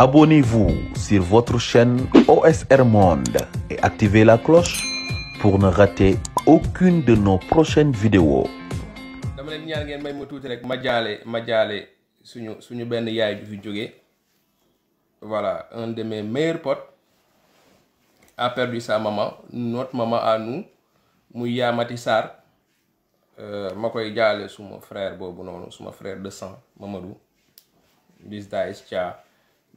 Abonnez-vous sur votre chaîne OSR Monde et activez la cloche pour ne rater aucune de nos prochaines vidéos. dama leen ñaan ngeen may ma tuuti rek ma jaale ma jaale suñu suñu benn yaay bi fi jógee voilà un de mes meilleurs potes a perdu sa maman notre maman à nous muy Yaamati Sarr euh, ma koy jaale suma frère boobu noonu suma frère de sang Mamadou bis daayis Thia.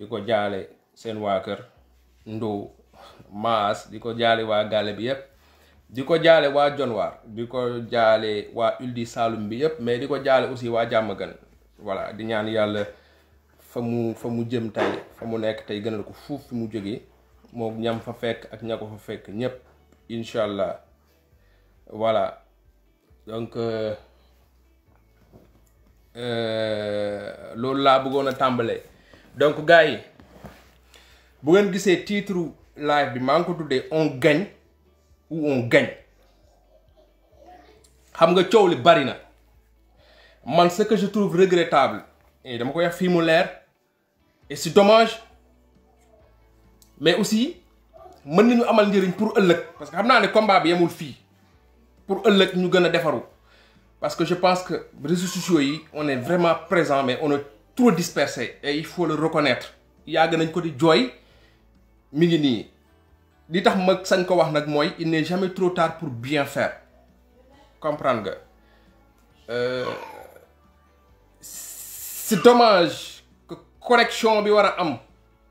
di ko jaale seen waa kër Ndow Maas di ko jaale waa gaale bi yëpp di ko jaale waa Jonwaar di ko jaale waa Uldi Saloum bi yëpp mais di ko jaale aussi waa Diamaguène voilà di ñaan yàlla fa mu fa mu jëm tey fa mu nekk tey gënal ko fuuf fi mu jóge moo ñam fa fekk ak ña ko fa fekk ñépp incha allah voilà donc euh, euh, loolu laa bëggoon a tàmbalee donc gars yi bu ngeen gisee titre live bi maa ngi ko duddee on gagne ou on gagne xam nga coow li bari na man ce que je trouve regrettable et dama ko yax fii mu leer et c'est dommage mais aussi mën nañu amal njëriñ pour ëllëg parce que xam naa ne combat bi yemul fii pour ëllëg ñu gën a defaru parce que je pense que réseaux sociaux yi on est vraiment présent mais trop dispersé et il faut le reconnaître yàgg nañ ko di jooy mi ngi nii li tax mag sañ ko wax nag mooy il n'est jamais trop tard pour bien faire comprendre nga euh, c'est dommage que correction bi war a am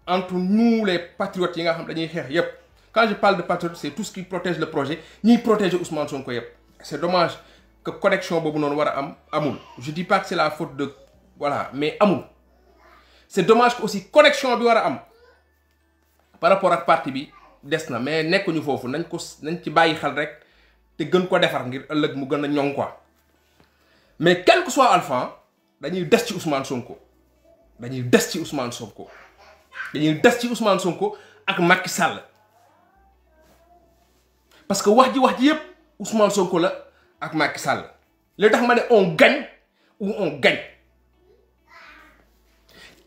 entre nous les patriotes yi nga xam dañuy xeex yépp quand je parle de patriote c'est tout ce qui protège le projet ñiy protéger Ousmane Sonko yépp c'est dommage que correction boobu noonu war a am amul je dis pas c'est la faute de voilà mais amul c'est dommage que aussi connexion bi war a am par rapport ak parti bi des na mais nekkuñu foofu nañ ko nañ ci bàyyi xel rek te gën ko defar ngir ëllëg mu gën a ñoŋ quoi mais quelque que soit Alpha dañuy des ci Ousmane Sonko dañuy des ci Ousmane Sonko dañuy des ci Ousmane Sonko ak Macky Sall parce que wax ji wax ji yëpp Ousmane Sonko la ak Macky Sall li tax ma ne on gañ ou on gagne.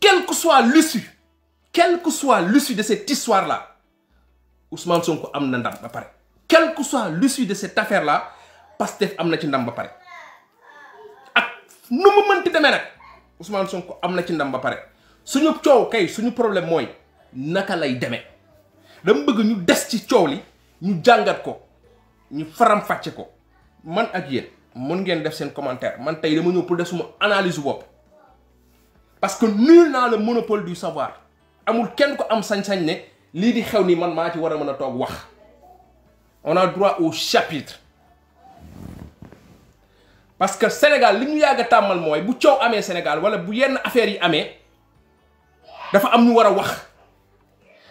quelle que soit l'issue quelle que soit l'issue de cette histoire là Ousmane Sonko am na ndam ba pare. quelle que soit l'issue de cette affaire là Pastef am na ci ndam ba pare ak nu mu mënti demee nag Ousmane Sonko am na ci ndam ba pare suñu coow kay suñu problème mooy naka lay demee dama bëgg ñu des ci coow li ñu jàngat ko ñu faram-fàcce ko man ak yéen mun ngeen def seen commentaire man tey dama ñëw pour def suma analyse bopp. parce que nul n'a le monopole du savoir amul kenn ko am sañ-sañ ne lii di xew ni man maa ci war a mën a toog wax on a droit au chapitre parce que Sénégal li ñu yàgg a tàmmal mooy bu coow amee Sénégal wala bu yenn affaire yi amee dafa am ñu war a wax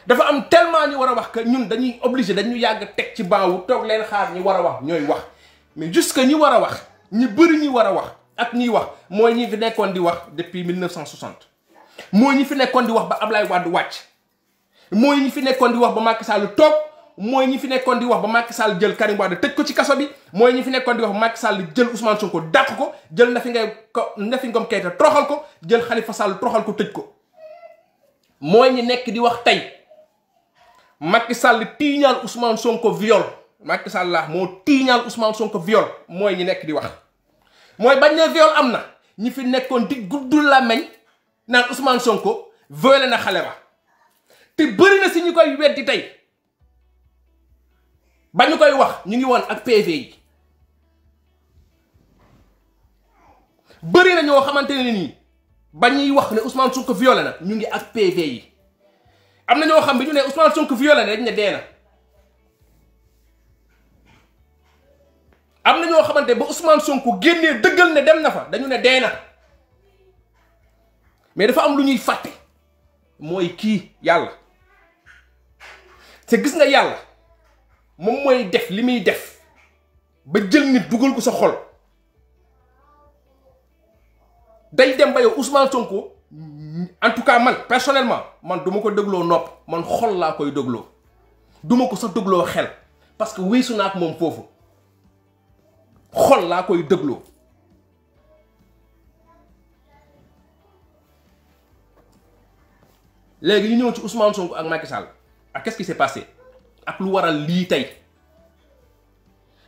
dafa am tellement ñu war a wax que ñun dañuy obligé dañu yàgg teg ci baawu toog leen xaar ñi war a wax ñooy wax mais jusque ñi war a wax ñi bëri ñi war a wax ak ñiy wax mooy ñi nekkoon di wax depuis 1960 mooy ñi fi nekkoon di wax ba Ablaye Wade wàcc mooy ñi fi nekkoon di wax ba Macky Sall toog mooy ñi fi nekkoon di wax ba Macky Sall jël Karim Wade tëj ko ci kaso bi mooy ñi fi nekkoon di wax ba Macky Sall jël Ousmane Sonko dàq ko jël Nafi Ngay ko Nafi Ngom Keïta troxal ko jël Khalifa Sall troxal ko tëj ko mooy ñi nekk di wax tey Macky Sall tiiñaal Ousmane Sonko viol Macky Sall la moo tiiñaal Ousmane Sonko viol mooy ñi nekk di wax mooy bañ ne viol am na ñi fi nekkoon di guddul la meñ naan Ousmane Sonko violé na xale ba te bëri na si ñu koy weddi tey ba ñu koy wax ñu ngi won ak PV yi bëri na ñoo xamante ne nii ba ñuy wax ne Ousmane Sonko violé na ñu ngi ak PV yi am na ñoo xam bi ñu ne Ousmane Sonko violé na rek ne dee na am na ñoo xamante ba Ousmane Sonko génnee dëggal ne dem na fa dañu ne dee na mais dafa am lu ñuy fàtte mooy kii yàlla te gis nga yàlla moom mooy def li muy def ba jël ni dugal ko sa xol dañ dem ba yow Ousmane Sonko en tout cas man personnellement man duma ko dégloo nopp man xol laa koy dégloo duma ko sa dégloo xel parce que wéesu naa ak moom foofu. xol laa koy dëgloo léegi ñu ñëw ci Ousmane Sonko ak Macky Sall ak qu'est-ce qui s'est passé ak lu waral lii tey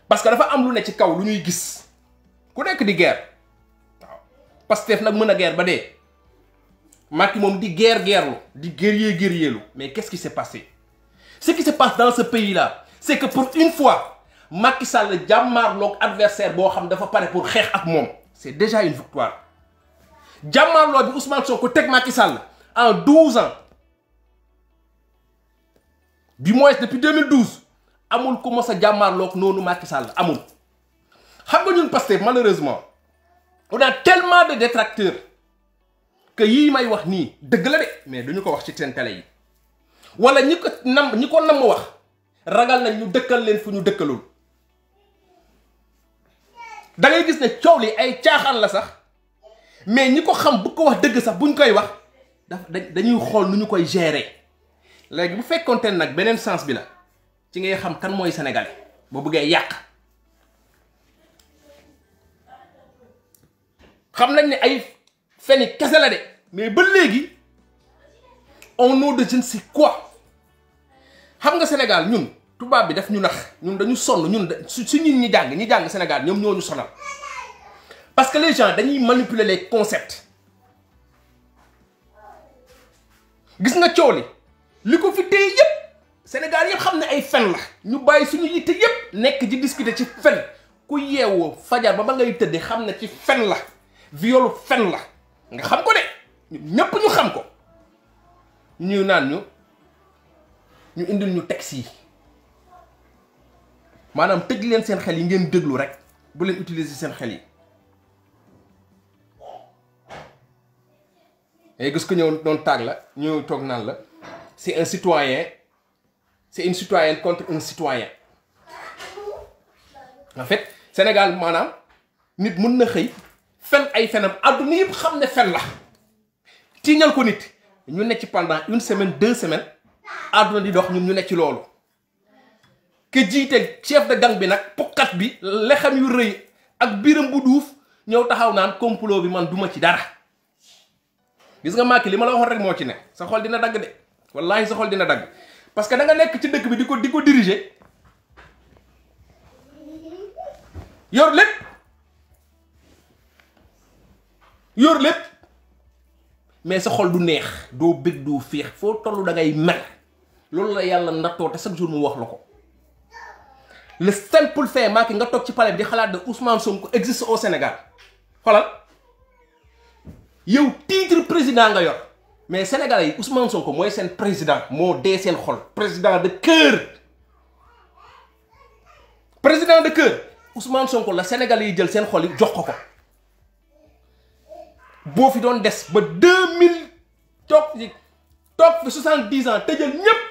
parce que dafa am lu ne ci kaw lu ñuy gis ku nekk di guerre waaw Pastef nag mën a geer ba dee Macky moom di geer guerre di guerrier guerrier lu mais qu'est-ce qui s'est passé ce qui se passe dans ce pays là c'est que pour une fois Macky Sall jàmmaarloog adversaire boo xam dafa pare pour xeex ak moom c'est déjà une victoire jàmmaarloo bi Ousmane Sonko teg Macky Sall en douze ans du moins depuis 2012 amul ku mos a jàmmaarloog noonu Macky Sall amul xam nga ñun Pastef malheureusement on a tellement de détracteurs que yii may wax nii dëgg la de mais duñu ko wax ci seen télé yi wala ñi ko nam ñi ko nam wax ragal nañ ñu dëkkal leen fu ñu dëkkalul da ngay gis ne coow li ay caaxaan la sax mais ñi ko xam bu ko wax dëgg sax buñ koy wax daf dañuy xool nu ñu koy gérer léegi bu fekkoon fekkoonte nag beneen sens bi la ci ngay xam kan mooy sénégalais boo bëggee yàq. xam nañ ne ay feni kese la de mais ba léegi au nom de je ne quoi xam nga Sénégal ñun. tubaab bi def ñu nax ñun dañu sonn ñun su su ñun ñi jàng ñi jàng Sénégal ñoom ñoo ñu sonal parce que les gens dañuy manipuler les concepts gis nga coow li li ko fi téye yépp Sénégal yépp xam ne ay fen la ñu bàyyi suñu yitte yépp nekk di discuter ci fen ku yeewoo fajar ba ba ngay tëddee xam ne ci fen la violu fen la nga xam ko de ñépp ñu xam ko ñu naan ñu ñu indil ñu texte yi maanaam tëj leen seen xel yi ngeen déglu rek bu leen utiliser seen xel yi et gis ko ñëw doon taag la ñëw toog naan la c'est un citoyen c'est un citoyenne contre un citoyen en fait Sénégal maanaam nit mun na xëy fen ay fenam àdduna yëpp xam ne fen la tiiñal ko nit ñu ne ci pendant une semaine deux semaine àdduna di dox ñun ñu nekk ci loolu ke jiite chef de gang bi nag pukkat bi lexam yu rëy ak biram bu duuf ñëw taxaw naan complot bi man duma ci dara gis nga maaki li ma la waxoon rek moo ci ne sa xol dina dagg de wallaahi sa xol dina dagg parce que da nga nekk ci dëkk bi di ko di ko diriger yor lépp yor lépp mais sa xol du neex doo bëgg doo féex foo toll da ngay mer loolu la yàlla ndattoo te chaque jour mu wax la ko le simple fait Macky nga toog ci palais bi di xalaat de Ousmane Sonko existe au Sénégal xoolal yow titre président nga yor mais sénégal yi Ousmane Sonko mooy seen président moo dee seen xol président de cœur président de cœur Ousmane Sonko la sénégal yi jël seen xol yi jox ko ko boo fi doon des ba deux mil toog fi toog fi soixante-dix ans te jël ñépp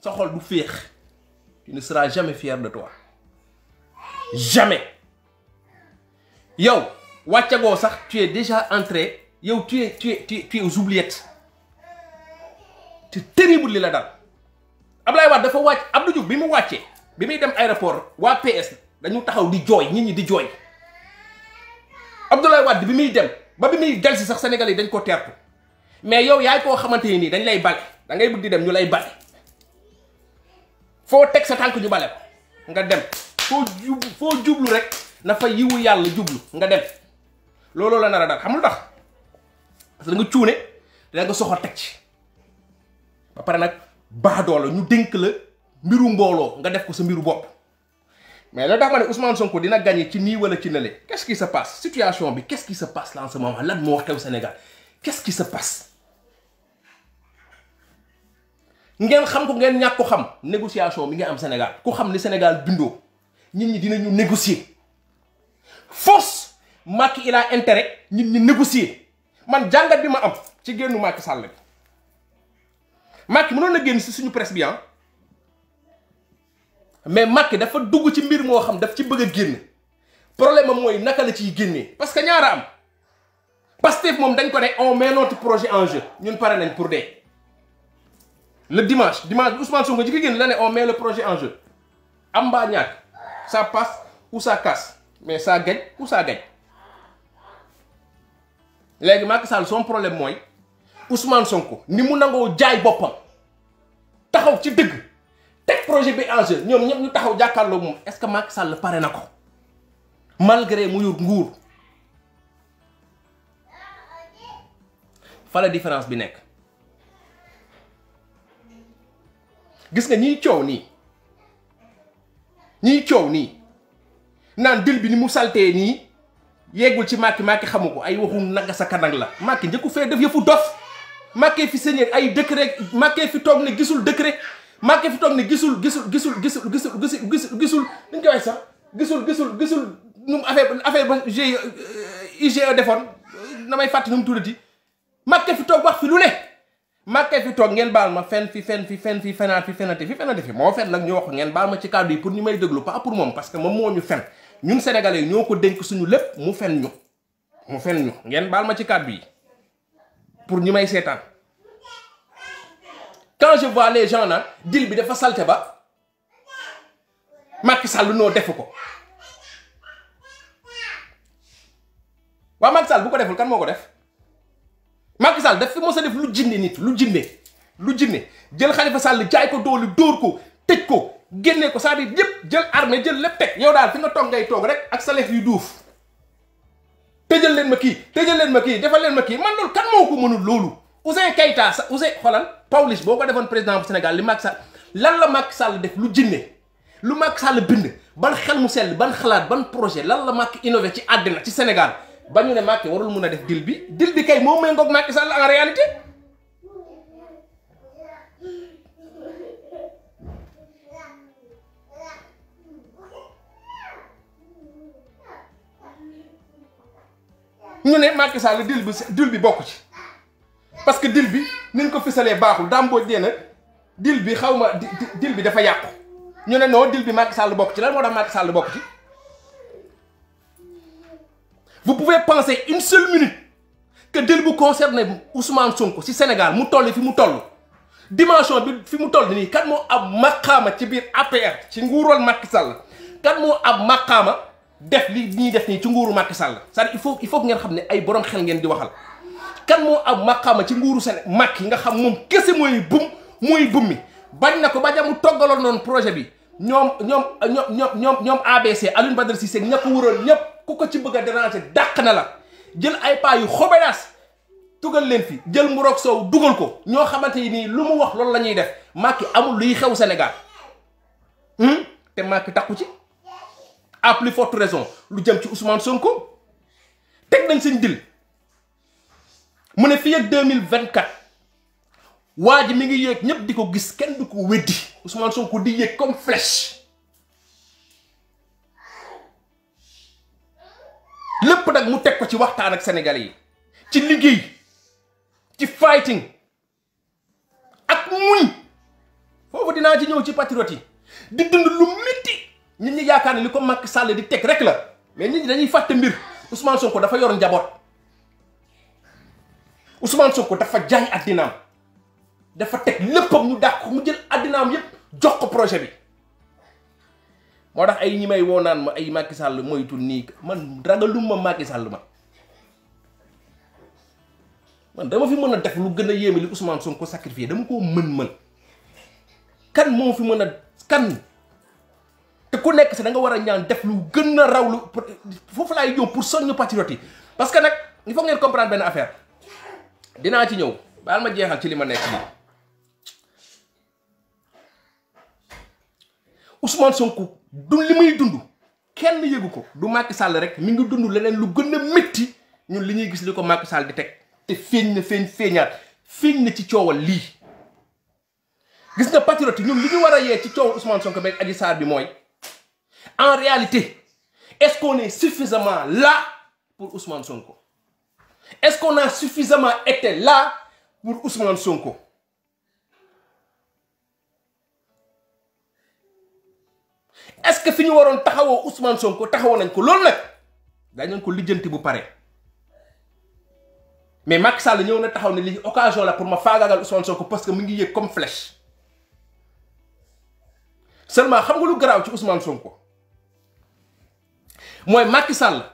sa xol du féex tu ne seras jamais fier de toi jamais yow wàccagoo sax tu es déjà entré yow tu es tu es tu te aux li la dal Ablaye Wade dafa wàcc Abdou Diouf bi mu wàccee bi muy dem aéroport waa PS dañu taxaw di jooy nit ñi di jooy Abdoulaye Wade bi muy dem ba bi muy delsi sax Sénégal yi dañ ko teertu mais yow yaay koo xamante ni nii dañ lay bale dangay ngay di dem ñu lay bale foo teg sa tànk ñu bale ko nga dem foo jub foo jublu rek na fa yiwu yàlla jublu nga dem looloo la nar a dal xam lu tax parce que da nga cuune da nga soxor teg ci ba pare nag baadoo la ñu dénk la mbiru mbooloo nga def ko sa mbiru bopp mais la tax ma ne Ousmane dina gagné ci nii wala ci nële qu'est-ce qui se situation bi qu'est-ce qui se passe là en ce moment lan moo xew Sénégal qu'est-ce qui se passe ngeen xam ko ngeen ñàkk ko xam négociation bi nga am senegal ku xam ni Sénégal bindoo ñun ñi dinañu négocier force Macky il a intérêt ñun ñi négocier man jàngat bi ma am ci génnu Macky sàll bi Macky mënoon na génn si suñu presse bi ah mais Macky dafa dugg ci mbir moo xam daf ci bëgg a génn problème mooy naka la ciy génnee parce que ñaara am Pastef moom dañ ko ne on met notre projet en jeu ñun pare nañ pour dee le dimanche dimanche bi Ousmane Sonko ji ko génn la ne on met le projet en jeu am mbaa ñàkk ça passe ou ça casse mais ça gagne ou ça gagne léegi Macky Sall son problème mooy Ousmane Sonko ni mu nangoo jaay boppam taxaw ci dëgg teg projet bi en jeu ñoom ñëpp ñu taxaw jàkkaarloo moom est-ce que Macky Sall pare na ko malgré mu yor nguur fa différence bi nekk gis nga ñiy coow nii. ñiy coow nii naan dil bi ni mu saltee nii yeggul ci Macky Macky xamu ko ay waxu nanga sa kanang la Macky njëkku fee def yëfu dof Macky fi sañee ay décret Macky fi toog ne gisul décret Macky fi toog ne gisul gisul gisul gisul gisul gisul gisul gisul dañ koy wax sax gisul gisul gisul nu mu affaire affaire ba g IGE euh, e defoon damay fàtte nu mu tuddati Macky fi toog wax fi lu ne màkkee fi toog ngeen baal ma fen fi fen fi fen fi fenaat fi fenate fi fenate fi moo fen nag ñu wax ngeen baal ma ci kàddu yi pour ñu may déglu pas pour moom parce moom moo ñu fen ñun sénégalais yi ñoo ko dénk suñu lépp mu fen ñu mu fen ñu ngeen baal ma ci kàddu yi pour ñi may seetaan quand je vois les gens là dil bi dafa salte ba Macky Sall noo defu ko waa Macky bu ko deful kan moo ko def Macky Sall daf fi mos a def lu jinne nit lu jinne lu jinne jël Khalifa Sall jaay ko doole dóor ko tëj ko génne ko c'est-à-dire yëpp jël armée jël lépp teg yow daal fi nga toog ngay toog rek ak sa lef yu duuf tëjal leen ma kii tëjal leen ma kii defal leen ma kii man loolu kan moo ko mënul loolu Ouzin Keïta sa Ouzin xoolal Pawlish boo ko defoon président bu Sénégal li Macky Sall lan la Macky sàll def lu jinne lu Macky Sall bind ban xel mu sell ban xalaat ban projet lan la Macky innové ci àddina ci Sénégal ba ñu ne Macky warul mun a def dil bi dil bi kay moo may ngoog Macky Sall ne Macky Sall dil bi dil bi bokk ci parce que dil bi niñ ko fisalee baaxul dàmbooj nee na dil bi xaw ma dil bi dafa yàqu ñu ne non dil bi Macky Sall bokk ci lan moo tax Macky Sall bokk ci vous pouvez penser une seule minute que délit bu concerné Ousmane Sonko si Sénégal mu toll fi mu toll dimension bi fi mu toll nii kat moo am maqaama ci biir APR ci nguural Macky Sall kat moo am maqaama def li ñuy def nii ci nguuru Macky Sall cest à il faut il faut ngeen xam ne ay borom xel ngeen di waxal kan moo am maqaama ci nguuru Sénégal Macky nga xam moom kese mooy bum mooy bum mi bañ na ko ba mu toggaloon noonu projet bi ñoom ñoom ñoom ñoom ñoom ABC Alioune Badara Cissé ña ko wëroon ñëpp. ku ko ci bëgg a déranger dàq na la jël ay paa yu xobedaas tugal leen fi jël mburoog soow dugal ko ñoo xamante yi nii lu mu wax loolu la ñuy def Macky amul luy xew Sénégal hmm? te Macky takku ci à plus raison lu jëm ci Ousmane Sonko teg nañ seen dil mu ne fii vingt 2024 waa ji mu ngi yéeg ñëpp di ko gis kenn du ko weddi Ousmane Sonko di yéeg comme flèche lépp nag mu teg ko ci waxtaan ak Sénégalais yi ci liggéey ci fighting ak muñ foofu dinaa ci ñëw ci patriote yi di dund lu métti nit ñi yaakaar ne li ko Macky Sall di teg rek la mais nit ñi dañuy fàtte mbir Ousmane Sonko dafa yor njaboot Ousmane Sonko dafa jaay addinaam dafa teg léppam ñu dàq mu jël addinaam yëpp jox ko projet bi. moo tax ay ñi may woo naan ma ay Macky Sall moytul nii man ragaluma Macky Sall ma man dama fi mën a def lu gën a yéeme li Ousmane Sonko sacrifié dama koo mën-mën kan moo fi mën a kan te ku nekk si da nga war a ñaan def lu gën a raw lu foofu laay ñëw pour soññu patriote yi parce que nag ñu faut ngeen comprendre benn affaire dinaa ci ñëw baal ma jeexal ci li ma nekk nii Ousmane Sonko. du li muy dund kenn yëgu ko du Macky sàll rek mi ngi dund leneen lu gën a métti ñun li ñuy gis li ko Macky Sall di teg te feeñ na feeñ feeñaat feeñ na ci coowal lii gis nga patriote ñun li ñu war a yee ci coow Ousmane Sonko beeg Adji saar bi mooy en réalité est-ce qu'on est suffisamment là pour Ousmane Sonko est-ce qu'on a suffisamment été là pour Ousmane Sonko est-ce que fi ñu waroon taxawoo Ousmane Sonko taxawoo nañ ko loolu nag dañ nañ ko lijjanti bu pare mais Macky ñëw na taxaw ne lii occasion la pour ma faagaagal Ousmane Sonko parce que mu ngi yëg comme flèche seulement xam nga lu garaaw ci Ousmane Sonko mooy Macky Sall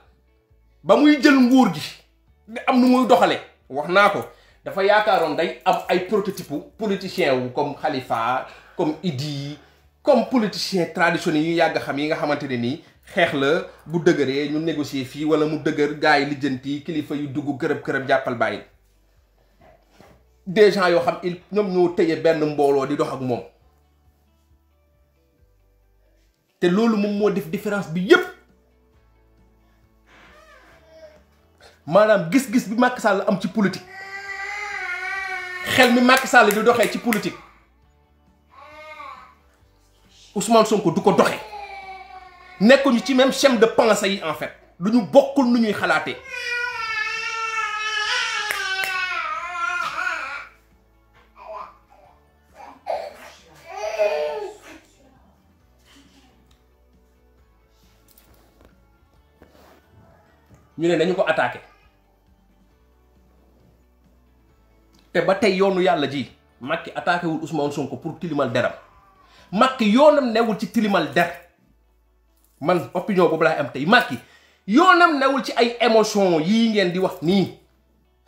ba muy jël nguur gi di am nu muy doxale wax naa ko dafa yaakaaroon day am ay prototype politicien wu comme Khalifa comme Idi comme politicien traditionnels yi ñu yàgg xam yi nga xamante ne nii xeex la bu dëgëree ñu négocier fii wala mu dëgër gars yi lijjanti kilifa yu dugg kërëb kërëb jàppal bàyyi des gens yoo xam il ñoom ñoo tëye benn mbooloo di dox ak moom te loolu moom moo def différence bi yépp maanaam gis-gis bi Macky sàll am ci politique xel mi Macky Sall di doxee ci politique Ousmane ko du ko doxee nekkuñu ci même schème de pensée yi en fait lu ñu bokkul nu ñuy xalaatee. ñu ne dañu ko attaqué te ba tey yoonu yàlla ji Macky attaqué wul Ousmane ko pour tilimal deram yoo yoonam newul ci tilimal der man opinion bu laay am tey yoo nam newul ci ay émotion yi ngeen di wax nii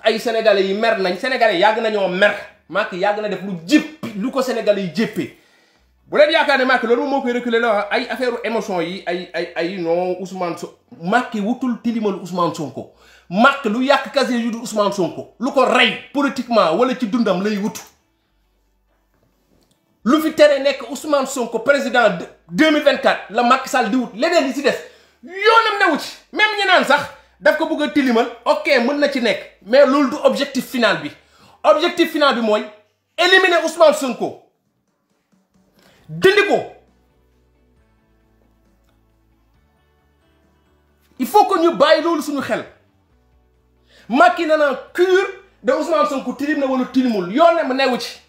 ay sénégalais yi mer nañ sénégalais yàgg nañoo mer Macky yàgg na def lu jëpp lu ko sénégalais yi jëppee bu leen yaakaar ne Macky loolu moo koy reculer la ay affaire émotion yi ay ay ay non Ousmane So Macky wutul tilimal Ousmane Sonko Macky lu yàq casier yu du Ousmane Sonko lu ko rey politiquement wala ci dundam lay wutu lu fi tere nekk Ousmane Sonko président de 2024 la makk Sall di wut leneen li ci des yoonam newu ci même ñi naan sax daf ko bëgg a tilimal ok mën na ci nekk mais loolu du objectif final bi objectif final bi mooy éliminer Ousmane Sonko dindi ko il faut que ñu bàyyi loolu suñu xel Macky na naan cure de Ousmane Sonko tilim na wala tilimul yoonam newu ci.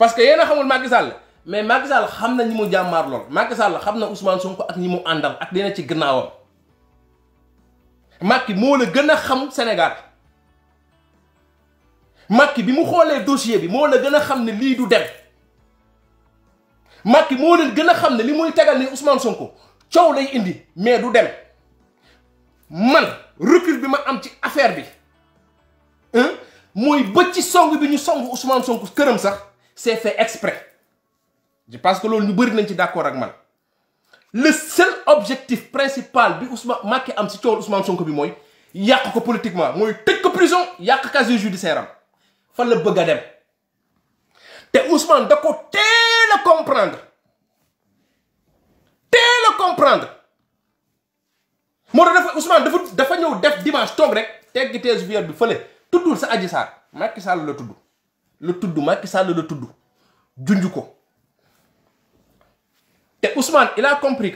parce que yenn a xamul Macky Sall mais Macky xam na ñi mu jàmmaar lool Macky Sall xam na Ousmane Sonko ak ñi mu àndal ak dina ci gannaawam Macky la gën a xam Sénégal Macky bi mu xoolee dossier bi moo la gën a xam ne lii du dem Macky moo gën a xam ne li muy tegal ni Ousmane Sonko coow lay indi mais du dem man recul bi ma am ci affaire bi mooy bëcc song bi ñu song Ousmane Sonko këram sax. c'est fait exprès je pense que loolu ñu bëri nañ ci d'accord ak man le seul objectif principal bi Ousmane Macky am si coow Ousmane Sonko bi mooy yàq ko politiquement mooy tëj ko prison yàq casier judiciaire am fan la bëgg a dem te Ousmane da ko teel a comprendre teel a comprendre moo tax dafa Ousmane dafa dafa ñëw def dimanche toog rek teggi tees viol bi fële tuddul sa Adji Sarr Macky Sall la tudd la tudd Macky Sall la tudd junj ko te Ousmane il a compris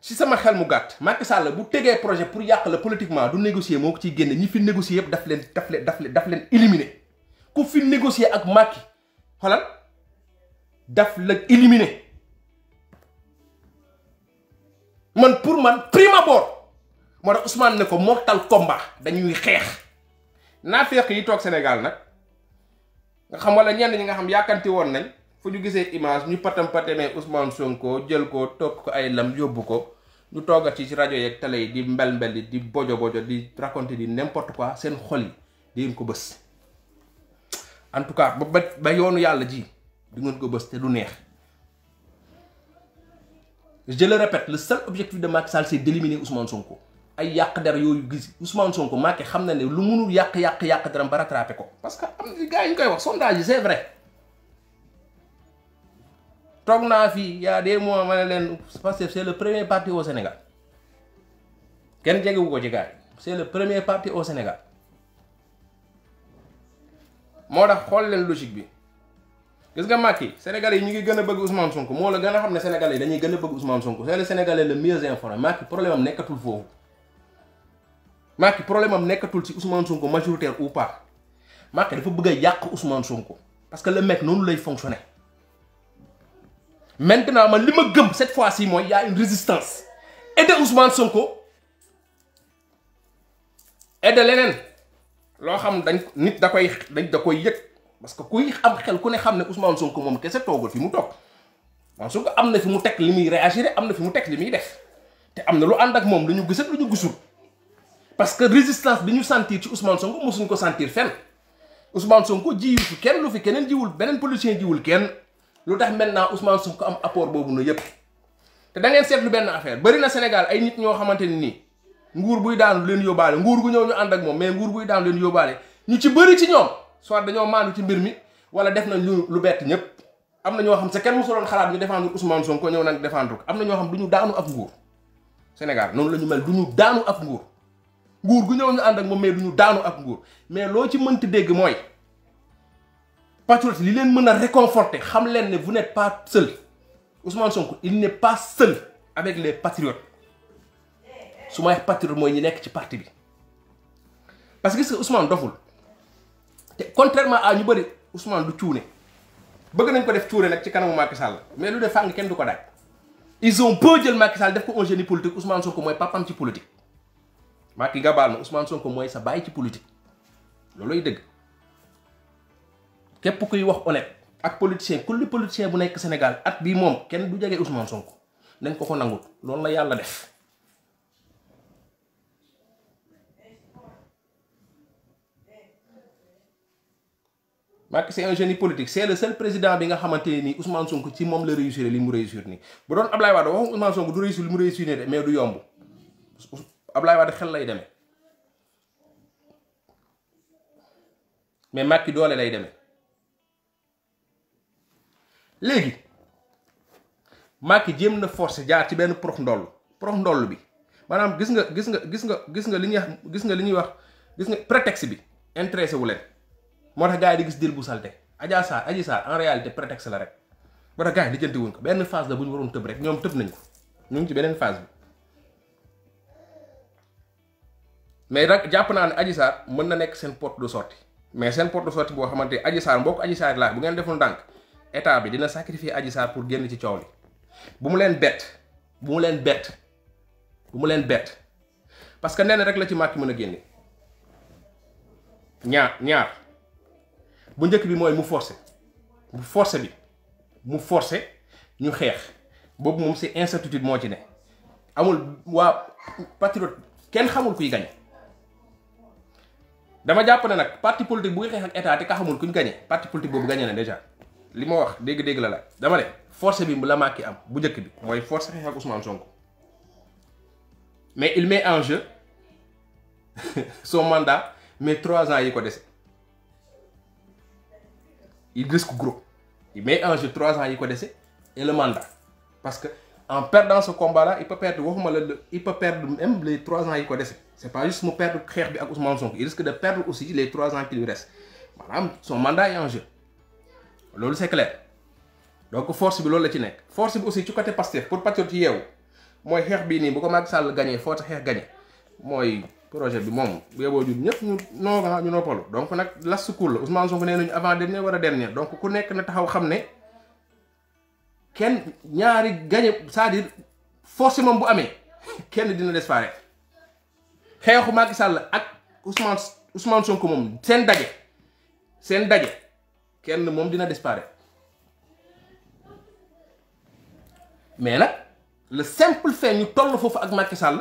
si sama xel mu gàtt Macky Sall bu tegee projet pour yàq la politiquement du négocier moo ko ciy génne ñi fi négocier yëpp daf leen daf leen daf leen daf leen éliminer ku fi négocier ak Macky xoolal daf la éliminer man pour man prime abord moo tax Ousmane ne ko mortal combat dañuy xeex naa feex yi toog Sénégal nag. nga xam wala ñenn ñi nga xam yàkkanti woon nañ fu ñu gisee image ñu patam patamee Ousmane Sonko jël ko topp ko ay lam yóbbu ko ñu toogat ci ci rajo yeeg télé yi di mbel mbel di bojo bojo di raconter di n'importe quoi seen xol yi di ngeen ko bës en tout cas ba ba yoonu yàlla ji di ngeen ko bës te du neex je le répète le seul objectif de Macky Sall c'est d'éliminer Ousmane Sonko ay yàq der yooyu gis Ousmane Sonko Macky xam na ne lu munul yàq yàq yàq deram ba rattrapé ko parce que am na gars yi ñu koy wax sondage yi c'est vrai toog naa fii yaa a des mois ma leen parce que c'est le premier parti au senegal kenn jegewu ko ci gars yi le premier parti au Sénégal moo tax xool leen logique bi gis nga Macky Sénégalais yi ñu ngi gën a bëgg Sonko moo la gën a xam ne Sénégalais yi dañuy gën a bëgg Ousmane Sonko c'est le Sénégalais le mieux informé Macky problème am nekkatul foofu. Macky problème am nekkatul ci Ousmane Sonko majoritaire ou pas Macky dafa bëgg a yàq Ousmane Sonko parce que le mec noonu lay fonctionner maintenant man li ma gëm cette fois si mooy yaa a une résistance aider Ousmane Sonko aider leneen loo xam dañ nit da koy dañ da koy yëg parce que kuy am xel ku ne xam ne Ousmane Sonko moom kese toogul fi mu toog Ousmane Sonko am na fi mu tekk li muy réagir am na fi mu teg li muy def te am na lu ànd ak moom lu ñu gis lu ñu gisul. parce que résistance bi ñu sentir ci Ousmane Sonko mosuñ ko sentir fenn Ousmane Sonko jiwu fi kenn lu fi keneen jiwul beneen politicien jiwul kenn lu tax maintenant Ousmane ko am apport boobu na yëpp. te da ngeen seetlu benn affaire bari na Sénégal ay nit ñoo xamante ni nii nguur buy daanu leen yóbbaale nguur gu ñëw ñu ànd ak moom mais nguur buy daanu leen yóbbaale ñu ci bëri ci ñoom soit dañoo maandu ci mbir mi wala def nañ ñu lu bett ñëpp. am na ñoo xam sa kenn mosu doon xalaat ñu défendre Ousmane Sonko ñëw nag défendre ko am na xam du ñu daanu ab nguur Sénégal noonu la ñu mel du ñu daanu ab nguur nguur gu ñëw ñu ànd ak moom mais du ñu daanu ak nguur mais loo ci mënti dégg mooy patriote li leen mën a réconforter xam leen ne vous n'êtes pas seul Ousmane Sonko il n'est pas seul avec les patriotes su may patriote mooy ñu nekk ci parti bi parce que gis nga Ousmane doful te contrairement à ñu bëri Ousmane du cuune bëgg nañ ko def cuune nag ci kanamu Macky Sall mais lu def fàng kenn du ko daaj ils ont beau jël def ko un génie politique Ousmane Sonko mooy papam Macky nga baal ma Ousmane Sonko mooy sa bàyyi ci politique looloy dëgg képp kuy wax honnête ak politicien kulli politicien bu nekk Sénégal at bii moom kenn du jege Ousmane Sonko nañ ko ko nangul loolu na yàlla def. Macky c'est un génie politique c'est le seul président bi nga xamante ne nii Ousmane Sonko ci moom la réussir li mu réussir nii bu doon Ablaye Wade waxu Ousmane Sonko du réussir li mu réussir nii de mais du yomb. Ablaye Wade xel lay demee mais Macky doole lay demee léegi Macky jéem na forcé jaar ci benn prox ndoll prox ndoll bi maanaam gis nga gis nga gis nga gis nga li ñuy wax gis nga li ñuy wax gis nga prétexte bi intéressé wu leen moo tax gars yi di gis dil bu salté Adja Sarr Adji Sarr en réalité prétexte la rek moo tax gaa yi lijjanti wuñ ko benn phase la bu ñu waroon tëb rek ñoom tëb nañ ko ñu ngi ci beneen phase bi mais nag jàpp naa ne Adji mën na nekk seen port de sortie mais seen port de sortie boo xamante Adji Sarr mbokk Adji Sarr laa bu ngeen deful ndànk état bi dina sacrifier Adji pour génn ci coow li bu mu leen bett bu mu leen bett bu mu leen bett parce que nee rek la ci màkk mën a génne ñaar ñaar bu njëkk bi mooy mu forcé bu forcé bi mu forcé ñu xeex boobu moom si incertitude moo ci ne amul waa patriote kenn xamul kuy gañe dama jàpp ne nag parti bu buy xeex ak état te ka xamul kuñ gagné parti politique boobu gagné na déjà li ma wax dégg-dégg la la dama ne force bi mu la Macky am bu njëkk bi mooy force xeex ak Ousmane Sonko mais il mais en jeu son mandat mais trois ans yi ko dese il ko gros il met en trois ans yi ko dese et le mandat parce que en perdant ce combat là il peut perdre waxuma la il peut perdre même trois ans yi ko dese c' pas juste mu perdre xeex bi ak Ousmane Sonko il risque de perdre aussi les trois ans qui lui maanaam son mandat est en jeu loolu c' est clair donc force bi loolu la ci nekk force bi aussi ci côté Pastef pour Patriote yeewu mooy xeex bii nii bu ko Macky Sall gagné foo tax xeex gagné mooy projet bi moom yeboo ñun ñëpp ñu noo ñu noppalu donc nag las sukur la Ousmane Sonko nee nañu avant dernier war a dernier donc ku nekk na taxaw xam ne kenn ñaari gañe c'est-à-dire forcément bu amee kenn dina disparaître xeexu Macky Sall ak Ousmane Ousmane moom seen daje seen daje kenn moom dina disparaître mais nag le simple fait ñu toll foofu ak Macky sàll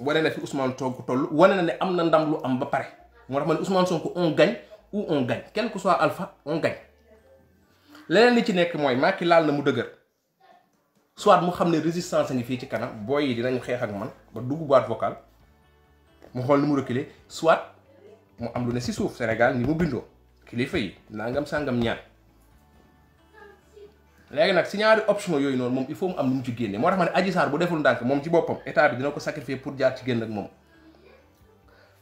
wane na fi Ousmane Sonko toll wane na ne am na ndam lu am ba pare moo tax ma ne Ousmane Sonko on gagne ou on gagne quel que soit alpha on gagne leneen li ci nekk mooy Macky laal na mu dëgër. soit mu xam ne résistance a fii ci kanam booy yi dinañu xeex ak man ba dugg boîte vocale mu xool nu mu soit mu am lu ne si suuf Sénégal ni mu bindoo kilifa yi nangam sangam ñaan léegi nag si ñaari option yooyu noonu moom il faut mu am lu mu ci génne moo tax ma ne Adji bu deful ndànk moom ci boppam état bi dina ko sacrifier pour jaar ci génn ak moom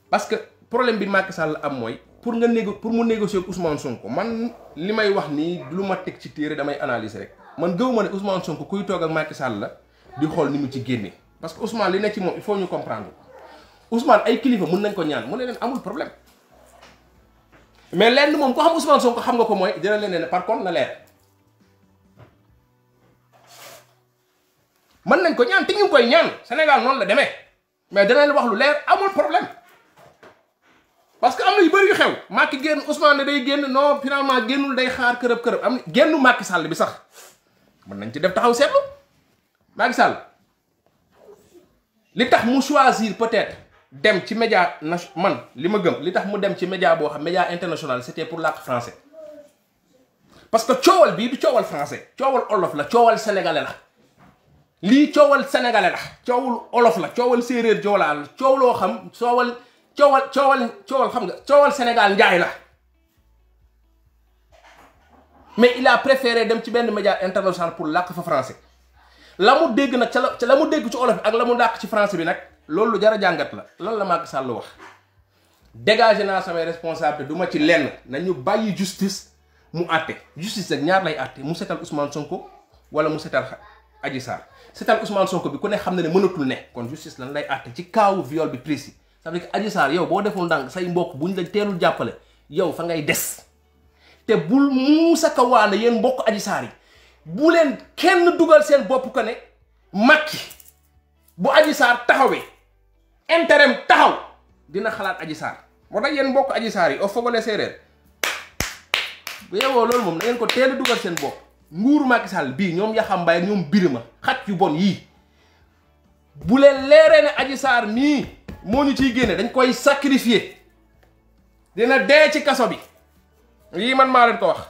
parce que problème bi Macky Sall am mooy pour nga négo pour mu négocier ak Ousmane Sonko man li may wax nii lu ma teg ci téere damay analyser rek. man gëwuma ne Ousmane Sonko kuy toog ak Macky Sall la di xool ni mu ci génne parce que Ousmane li ne ci moom il faut ñu comprendre Ousmane ay kilifa mën nañ ko ñaan mu ne leen amul problème mais lenn moom ko xam Ousmane xam nga ko mooy dina leen ne par contre na nañ ko ñaan te ñu ngi koy ñaan Sénégal noonu la demee mais dana leen wax lu leer amul problème parce que am na yu bëri yu xew Macky génn Ousmane day génn non finalement génnul day xaar kërëb kërëb am génnu Macky Sall bi sax mën nañ ci def taxaw seetlu Macky Sall li tax mu choisir peut dem ci média na man li ma gëm li tax mu dem ci média boo xam média international c'était pour làkk français parce que coowal bii du coowal français coowal olof la coowal sénégalais la lii coowal sénégalais la coowul olof la coowal séeréer joolaa coow loo xam coowal coowal coowal coowal xam nga coowal Sénégal njaay la mais il a préféré dem ci benn média international pour làkk fa français la mu dégg nag ca la ca la mu dégg ci olof bi ak la mu làkk ci français bi nag loolu jar a jàngat la lan la Macky Sall wax dégage naa samay responsabilité du ma ci lenn nañu bàyyi justice mu àtte justice nag ñaar lay àtte mu setal Ousmane Sonko wala mu setal Adji Sarr setal usman Sonko bi ku ne xam na ne mënatul ne kon justice lan lay àtte ci kaawu viol bi précis ça veut dire que Adji Sarr yow boo deful ndànk say mbokk buñ la teelul jàppale yow fa ngay des te bul muusa ka waana mbokk aji saar yi bu leen kenn dugal seen bopp ko ne Macky bu aji saar taxawee intérêt taxaw dina xalaat aji saar moo tax yéen mbokk aji saar yi au fogole séeréer bu yewoo loolu moom na ko teel a dugal seen bopp nguuru Macky Sall bii ñoom Yaxam Mbaye ñoom Birima xat yu bon yii bu leen leeree ne aji saar mii moo ñu ciy génne dañ koy sacrifier dina dee ci kaso bi yii man maa leen ko wax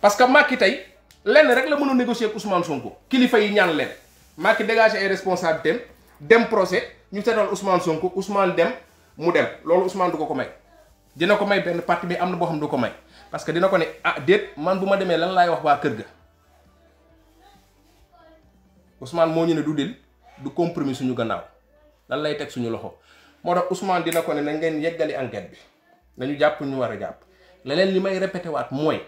parce que Macky tey lenn rek la mën a négocier ak Ousmane Sonko kilifa yi ñaan leen Macky dégager ay responsabilités dem procès ñu seetal Ousmane Sonko Ousmane dem mu dem loolu Ousmane du ko ko may dina ko may benn parti bi am na boo xam du ko may parce que dina ko ne ah déet man bu ma demee lan lay wax waa kër ga Ousmane moo ñu ne du dil du compromis suñu gannaaw lan lay teg suñu loxo moo tax Ousmane dina ko ne na ngeen yeggali enquête bi. nañu jàpp ñu war a jàpp leneen li may répété waat mooy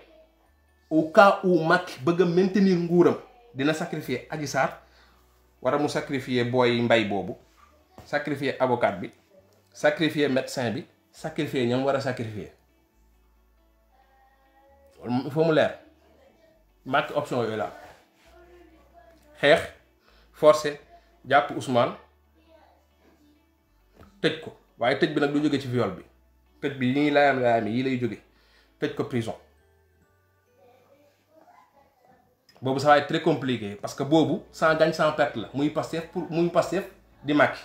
au cas où Macky bëgg a maintenir nguuram dina sacrifier Adji Sarr war a mu sacrifier booy mbay boobu sacrifier avocat bi sacrifier médecin bi sacrifier ñam war a sacrifier il faut mu leer Macky option yooyu la xeex forcé jàpp Ousmane tëj ko waaye tëj bi nag du jóge ci viol bi tëj bi yi ñuy layal nga amee yi lay jóge tëj ko prison boobu ça va très compliqué parce que boobu sans gagne sans perte la muy Pastef pour muy Pastef di Macky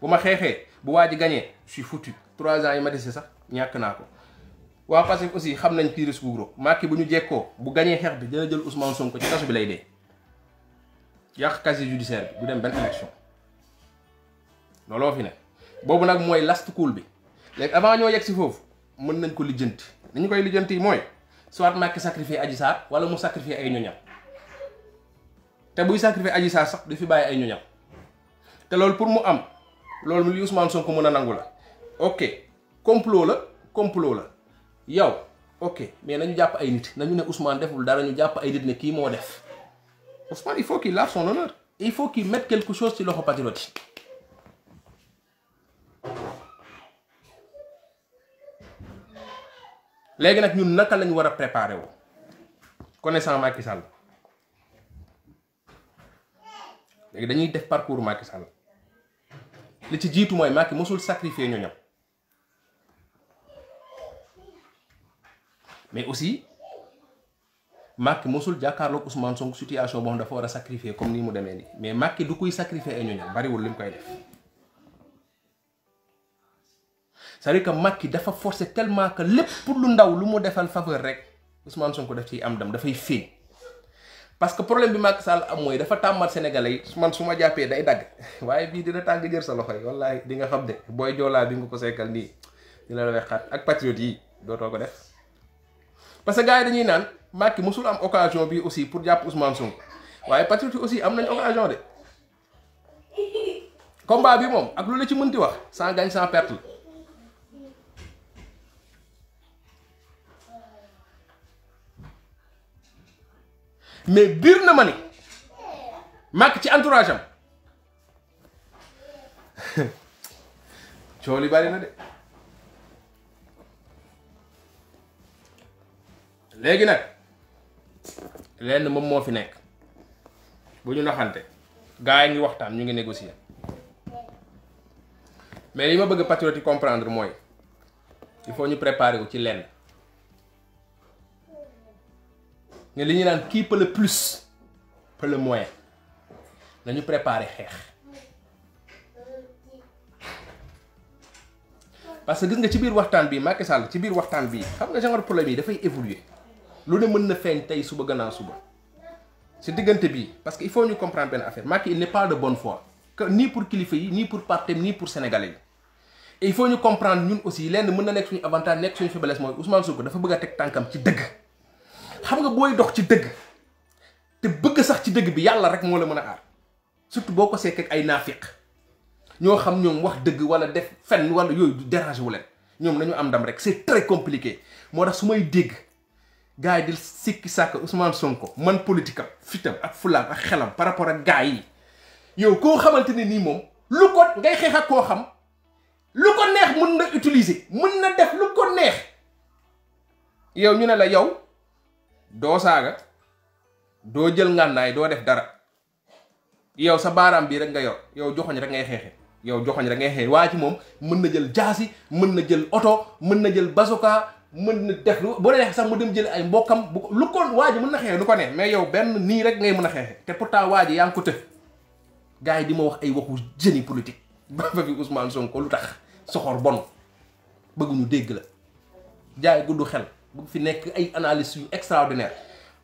bu ma xeexee bu waa ji gañee je suis foutu trois ans yi ma dese sax ñàkk naa ko waa Pastef aussi xam nañ kii risque bu gros bu ñu jekkoo bu gañee xeex bi a jël Ousmane ko ci kaso bi lay dee yàq casier judiciaire bi bu dem benn élection looloo fi ne boobu nag mooy last cool bi léegi avant ñoo yegg si foofu mën nañ ko lijjanti ni ñu koy lijjanti mooy soit Macky sacrifier Adji Sarr wala mu sacrifier ay ñoñam te buy sacrifier Adji Sarr sax du fi bàyyi ay ñoñam te loolu pour mu am loolu li Ousmane ko mën a nangu la ok complot la complot la yow ok mais nañu jàpp ay nit nañu ne Ousmane deful dara ñu jàpp ay nit ne kii moo def Ousmane il faut qu'il lave son honneur il faut qu'il mette quelque chose ci loxo patriote léegi nag ñun naka lañu war a préparer woo connaissant Macky Sall léegi dañuy def parcours Macky Sall li ci jiitu mooy Macky mosul sacrifier ñooñam mais aussi Macky mosul jàkkaarloog Ousmane Sonko situation boo xam dafa war a sacrifier comme ni mu demee nii mais Macky du kuy sacrifier ay ñooñam bariwul li mu koy def. c'est-à-dire que dafa forcer tellement que lépp pour lu ndaw lu mu defal faveur rek Ousmane ko def ciy am dam dafay feeñ parce que problème bi Macky Sall am mooy dafa tàmmal sénégalais yi man su ma jàppee day dagg waaye bii dina tàgg jër sa loxo yi wallaahi di nga xam de booy joolaa bi nga ko seekal nii dina la wexaat ak patriote yi dootoo ko def parce que yi dañuy naan Macky mosul am occasion bi aussi pour jàpp Ousmane Sonko waaye patriote yi aussi am nañ occasion de combat bi moom ak lu la ci mënti wax sans gagne sans mais biir na ma ni màkk ci entourage am coow bari na de léegi nag lenn moom moo fi nekk bu ñu naxante gars yi ngi waxtaan ñu ngi négocier mais li ma bëgg patriote yi comprendre mooy il faut ñu préparer wu ci lenn nga li ñu naan kii peut le plus peut le moins nañu préparer xeex parce que gis nga ci biir waxtaan bii Macky Sall ci biir waxtaan bi xam nga genre problème yi dafay évoluer lu ne mën na feeñ tey suba gannaaw suba ci diggante bii parce que il faut ñu comprendre benn affaire Macky il n'est pas de bonne foi que pour kilifa yi ni pour partem ni pour sénégalais yi et il faut ñu comprendre ñun aussi lenn mën na nekk suñu avantage nekk suñu faiblesse mooy Ousmane Sonko dafa bëgg teg tànkam ci dëgg. xam nga booy dox ci dëgg te bëgg sax ci dëgg bi yàlla rek moo la mën a aar surtout boo ko seekk ak ay naafiq ñoo xam ñoom wax dëgg wala def fenn wala yooyu du déranger wu leen ñoom nañu am dam rek c'est très compliqué moo tax su may dégg gars yi di sikki sàkk Ousmane Sonko man politique am fitam ak fulaam ak xelam par rapport ak gars yi yow koo xamante ne nii moom lu ko ngay xeex ak koo xam lu ko neex mën na utiliser mën na def lu ko neex yow ñu ne la yow doo saaga doo jël ngànnaay doo def dara yow sa baaraam bii rek nga yor yow joxoñ rek ngay xeexe yow joxoñ rek ngay xeexe waa ci moom mën na jël jaasi mën na jël oto mën na jël basoka mën na def boo dee sax mu dem jël ay mbokkam bu lu ko waa ji mën na xeexe lu ko ne mais yow benn nii rek ngay mën a xeexe te pourtant waa ji yaa ngi ko tëf gars yi di ma wax ay waxu génie politique ba fa fi Ousmane Sonko lu tax soxor bon bëgguñu dégg la jaay gudd xel bu fi nekk ay analyse yu extraordinaire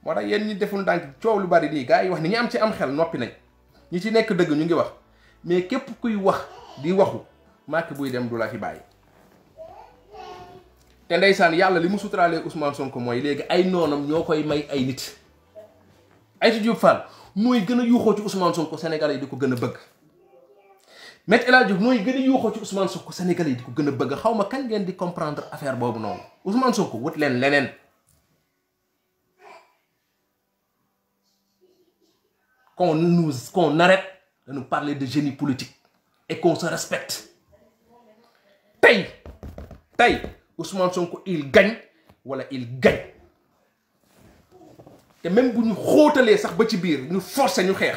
moo tax yenn ñi deful ndànk coow lu bari nii gaa yi wax ni ñu am ci am xel noppi nañ ñi ci nekk dëgg ñu ngi wax mais képp kuy wax di waxu Macky buy dem du la fi bàyyi te ndeysaan yàlla li mu suturaalee Ousmane Sonko mooy léegi ay noonam ñoo koy may ay nit Aïssatou Diop Fall mooy gën a yuuxoo ci Ousmane Sonko Sénégalais yi di ko gën a bëgg Maître El Hadj Diouf mooy gën a yuuxoo ci Ousmane Sonko Sénégalais yi di ko gën a bëgg xaw ma kañ ngeen di comprendre affaire boobu noonu Ousmane Sonko wut leen leneen. qu'on nous qu'on arrête de nous parler politique et qu'on se respecte tey tey Ousmane Sonko il gañ wala il gagne te même bu ñu xootalee sax ba ci biir ñu forcer ñu xeex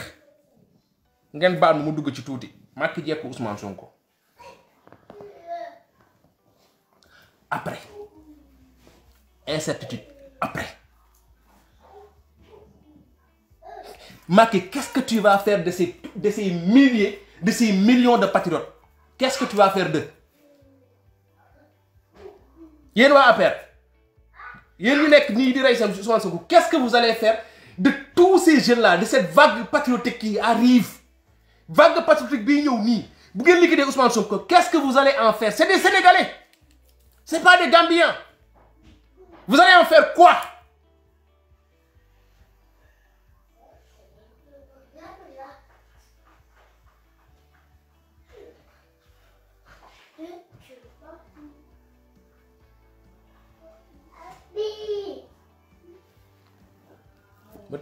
ngeen baal mu dugg ci tuuti. Macky jekku Ousmane Sonko après incertitude après Macky qu'est-ce que tu vas faire de ces de ces milliers de ces millions de patriotes qu'est-ce que tu vas faire d'eux yéen waa APR yéen ñu nekk nii di rey seen Ousmane Sonko qu'est-ce que vous allez faire de tous ces jeunes de cette vague patriotique qui arrive vague patriotique bii ñëw nii bu ngeen liquider Ousmane Sonko qu'est-ce que vous allez en faire c'est des Sénégalais c'est pas des Gambiens vous allez en faire quoi ma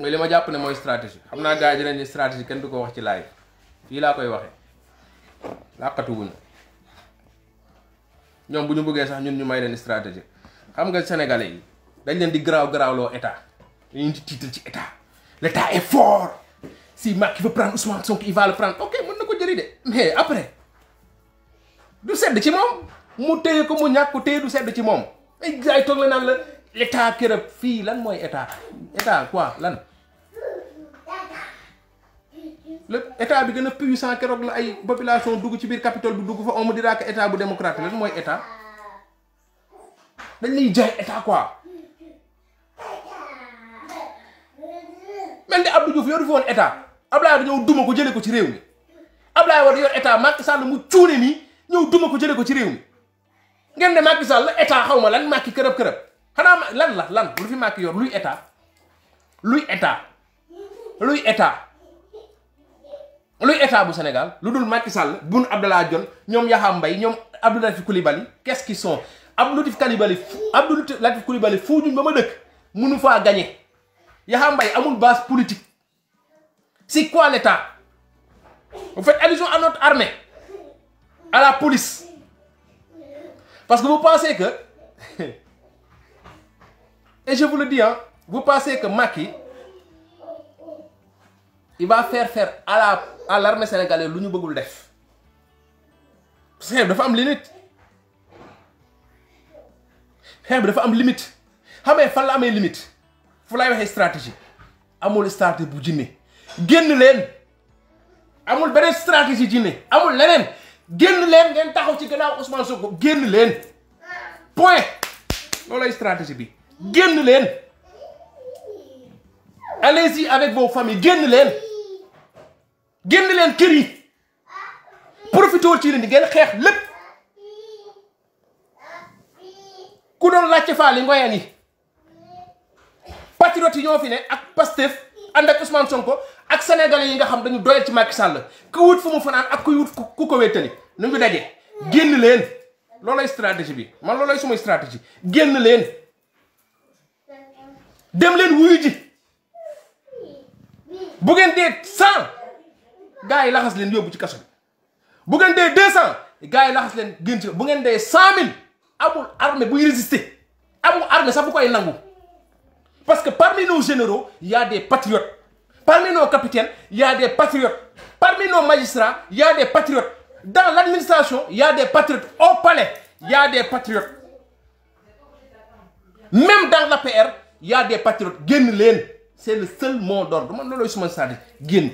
mooy li ma jàpp ne mooy stratégie xam naa gars yi dinañ ne stratégie kenn du ko wax ci live fii laa koy waxee làqatu wuñu ñoom bu ñu bëggee sax ñun ñu may leen stratégie xam nga sénégalais yi dañ leen di garaaw garaawloo état dañu di titre ci état l' état est fort si Macky veut prendre Ousmane Sonko il va le ok mën na ko jëli de mais après du sedd ci moom mu téye ko mu ñàkk ko téye du sedd ci moom ay gars yi toog la naan la l' kërëb fii lan mooy état état quoi lan lépp état bi gën a puissant keroog la ay population dugg ci biir capitole bi dugg fa on me dira que bu démocrate lan mooy état dañ lay jaay état quoi. mel ni Abdou Diouf ko jëlee ko ci réew mi Abdoulaye war yor état Macky Sall mu ko jëlee ko ci réew mi ngeen Sall état xaw ma lan Macky kërëb kërëb lan la lan lu fi Macky luy état luy état luy état. luy état bu Sénégal lu dul Macky Sall Boun Abdallah Dionne ñoom Yakham Mbaye ñoom Abdou Latif Coulibaly qu'est-ce qu'ils sont Abdou Latif Coulibaly fu Abdou Latif Coulibaly fuu ñun ba ma dëkk mënu faa gagné Yakham amul base politique c'est quoi l'état vous faites allusion à notre armée à la police parce que vous pensez que et je vous le dis hein vous pensez il va faire faire à la à lu ñu bëggul def xeex bi dafa am limite xeex bi dafa am limite xamee fan la amee limite fu lay waxee stratégie amul stratégie bu jinne génn leen amul beneen stratégie jinne amul leneen génn leen ngeen taxaw ci gannaaw Ousmane Sonko génn leen point loolay stratégie bi génn leen allez-y avec vos familles génn leen génn leen kër yi profité ci leen di ngeen xeex lépp ku doon laajte faali ngoyeen yi patriotes yi ñoo fi ne ak Pastef ànd ak Ousmane Sonko ak sénégalais yi nga xam dañu doyal ci Macky Sall ku wut fu mu fanaan ak ku wut ku ko wéttali nu ñu daje génn leen loolay stratégie bi man loolay sumay stratégie génn leen dem leen wuyu ji bu ngeen dee sans gars yi laxas leen yóbbu ci kaso bi bu ngeen dee deux gars yi laxas leen génn ci bu ngeen dee cent mille amul armée buy résister amul armée sax bu koy nangu parce que parmi nos généraux y a des patriotes parmi nos capitaines y a des patriotes parmi nos magistrats y a des patriotes dans l'administration y a des patriotes au palais y a des patriotes même dans l'APR y a des génn leen c'est le seul mot d'ordre man loolu Ousmane Sadik génn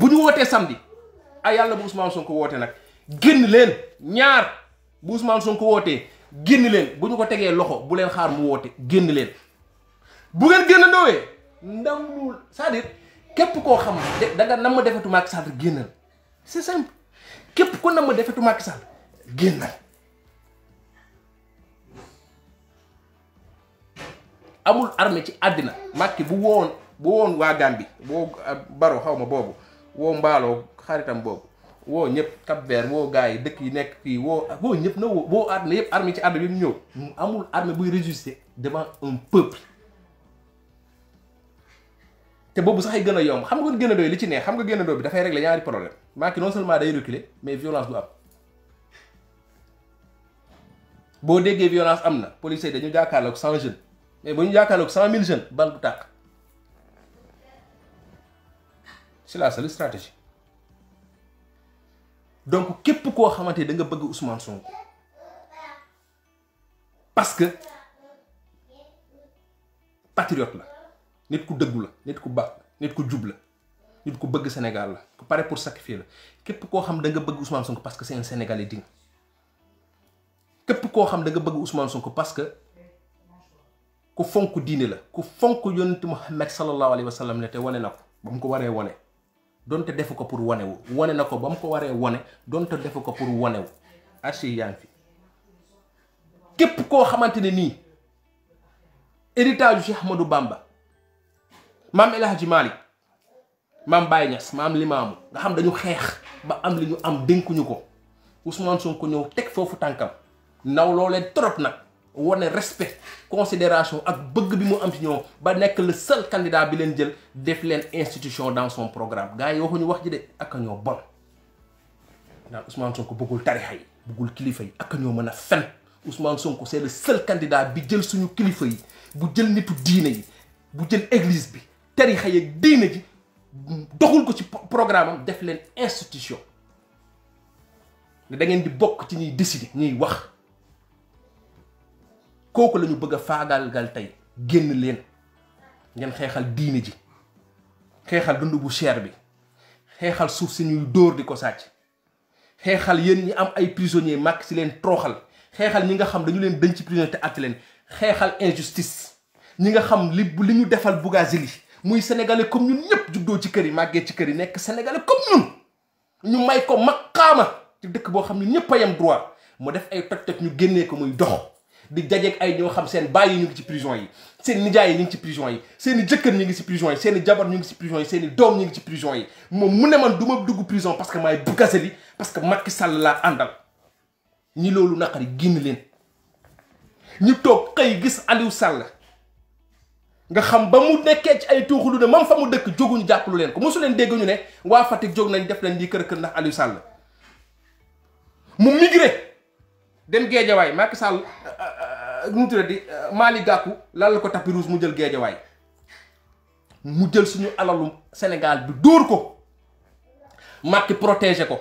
bu ñu wootee samedi ay ah, yàlla bu Ousmane ko wootee nag génn leen ñaar bu Ousmane ko wootee génn leen bu ñu ko tegee loxo bu leen xaar mu woote génn leen bu ngeen génn ndoowee ndam lu cest képp koo xam da nga nam ma defetu Macky Sall génnal c'est simple képp ko nam ma defetu Macky Sall génnal amul armée ci àddina Macky bu woon bu woon waa Gambie boo euh, Baro xaw ma boobu woo mbaaloo xaritam boobu woo ñëpp Cap Vert woo gars yi dëkk yi nekk fii woo woo ñëpp na woo woo armée yëpp armée ci armée bi mu ñëw mu amul armée buy résister devant un peuple te boobu sax ay gën a yomb xam nga gën a doy li ci ne xam nga gën a doy bi dafay régler ñaari problème Macky non seulement day reculer mais violence du am boo déggee violence am na policiers dañu jàkkaarloog cent jeunes mais ba ñu jàkkaarloog cent mille jeunes bal bu tàkk c'est la seule stratégie donc képp koo xamante ni da nga bëgg Ousmane Sonko parce que patriote la nit ku dëggu la nit ku baax nit ku jub la nit bëgg Sénégal la ku pour sacrifier la képp koo xam da nga bëgg Ousmane Sonko parce que c'est un Sénégalais koo xam da nga bëgg Ousmane Sonko parce que ku fonk diine la ku fonk yonent Muhammad sallallahu alayhi wa sallam la te wane na ko ba mu ko waree wone donte defu ko pour wu wane na ko ba mu ko waree wane dont defu ko pour wanewu archive yaa ngi fi képp koo xamante ne nii héritage Cheikh Ahmadou Bamba maam El Hadji Malick maam Baye Niass maam Limaamu nga xam dañu xeex ba am li ñu am dénkuñu ko Ousmane Sonko ñëw teg foofu tànkam ndaw loole trop nag wane respect consideration ak bëgg bi mu am ci ñoom ba nekk la seul candidat bi leen jël def leen institution dans son programme gars yi waxuñu wax ji de ak ñoo bon ndax Ousmane Sonko bëggul tarixa yi bëggul kilifa yi ak a ñoo mën a fen Ousmane Sonko c'est le seul candidat bi jël suñu kilifa yi bu jël nitu diine yi bu jël église bi tarixa yi ak ji doxul ko ci programme am def leen institution da ngeen di bokk ci ñuy décider ñuy wax. kooku la ñu bëgg a faagaalgal tey génn leen ngeen xeexal diine ji xeexal dund bu cher bi xeexal suuf si ñuy dóor di ko sàcc xeexal yéen ñi am ay prisonniers màkk si leen tooxal xeexal ñi nga xam dañu leen dënc prisonnier te àtte leen xeexal injustice ñi nga xam li li ñu defal Bougazelli muy sénégalais comme ñun ñëpp juddoo ci kër yi màggee ci kër yi nekk sénégalais comme ñun ñu may ko maqaama ci dëkk boo xam ne ñëpp a yem droit mu def ay toj-toj ñu génnee ko muy dox di dajeeg ay ñoo xam seen bàyyi ñu ngi ci prison yi seen nijaay yi ñu ngi ci prison yi seen i jëkkër ñu ngi ci prison yi seen i jabar ñu ngi ci prison yi seen i doom ñu ngi ci prison yi moom mu ne man du ma dugg prison parce que maay Bougazelli parce que Macky ñi loolu naqari génn leen ñu toog xëy gis Aliou Sall nga xam ba mu nekkee ci ay tuuxulu ne moom fa mu dëkk jóguñu jàppalu leen ko mosu leen dégg ñu ne waa Fatick jóg nañ def leen lii kër kër ndax Aliou Sall mu migré dem géejawaay Macky Sall euh, euh, nu mu tuddati euh, Mali Gakou lal ko tapis rouge mu jël géejawaay mu jël suñu alalu Sénégal bi dóor ko Macky protégé ko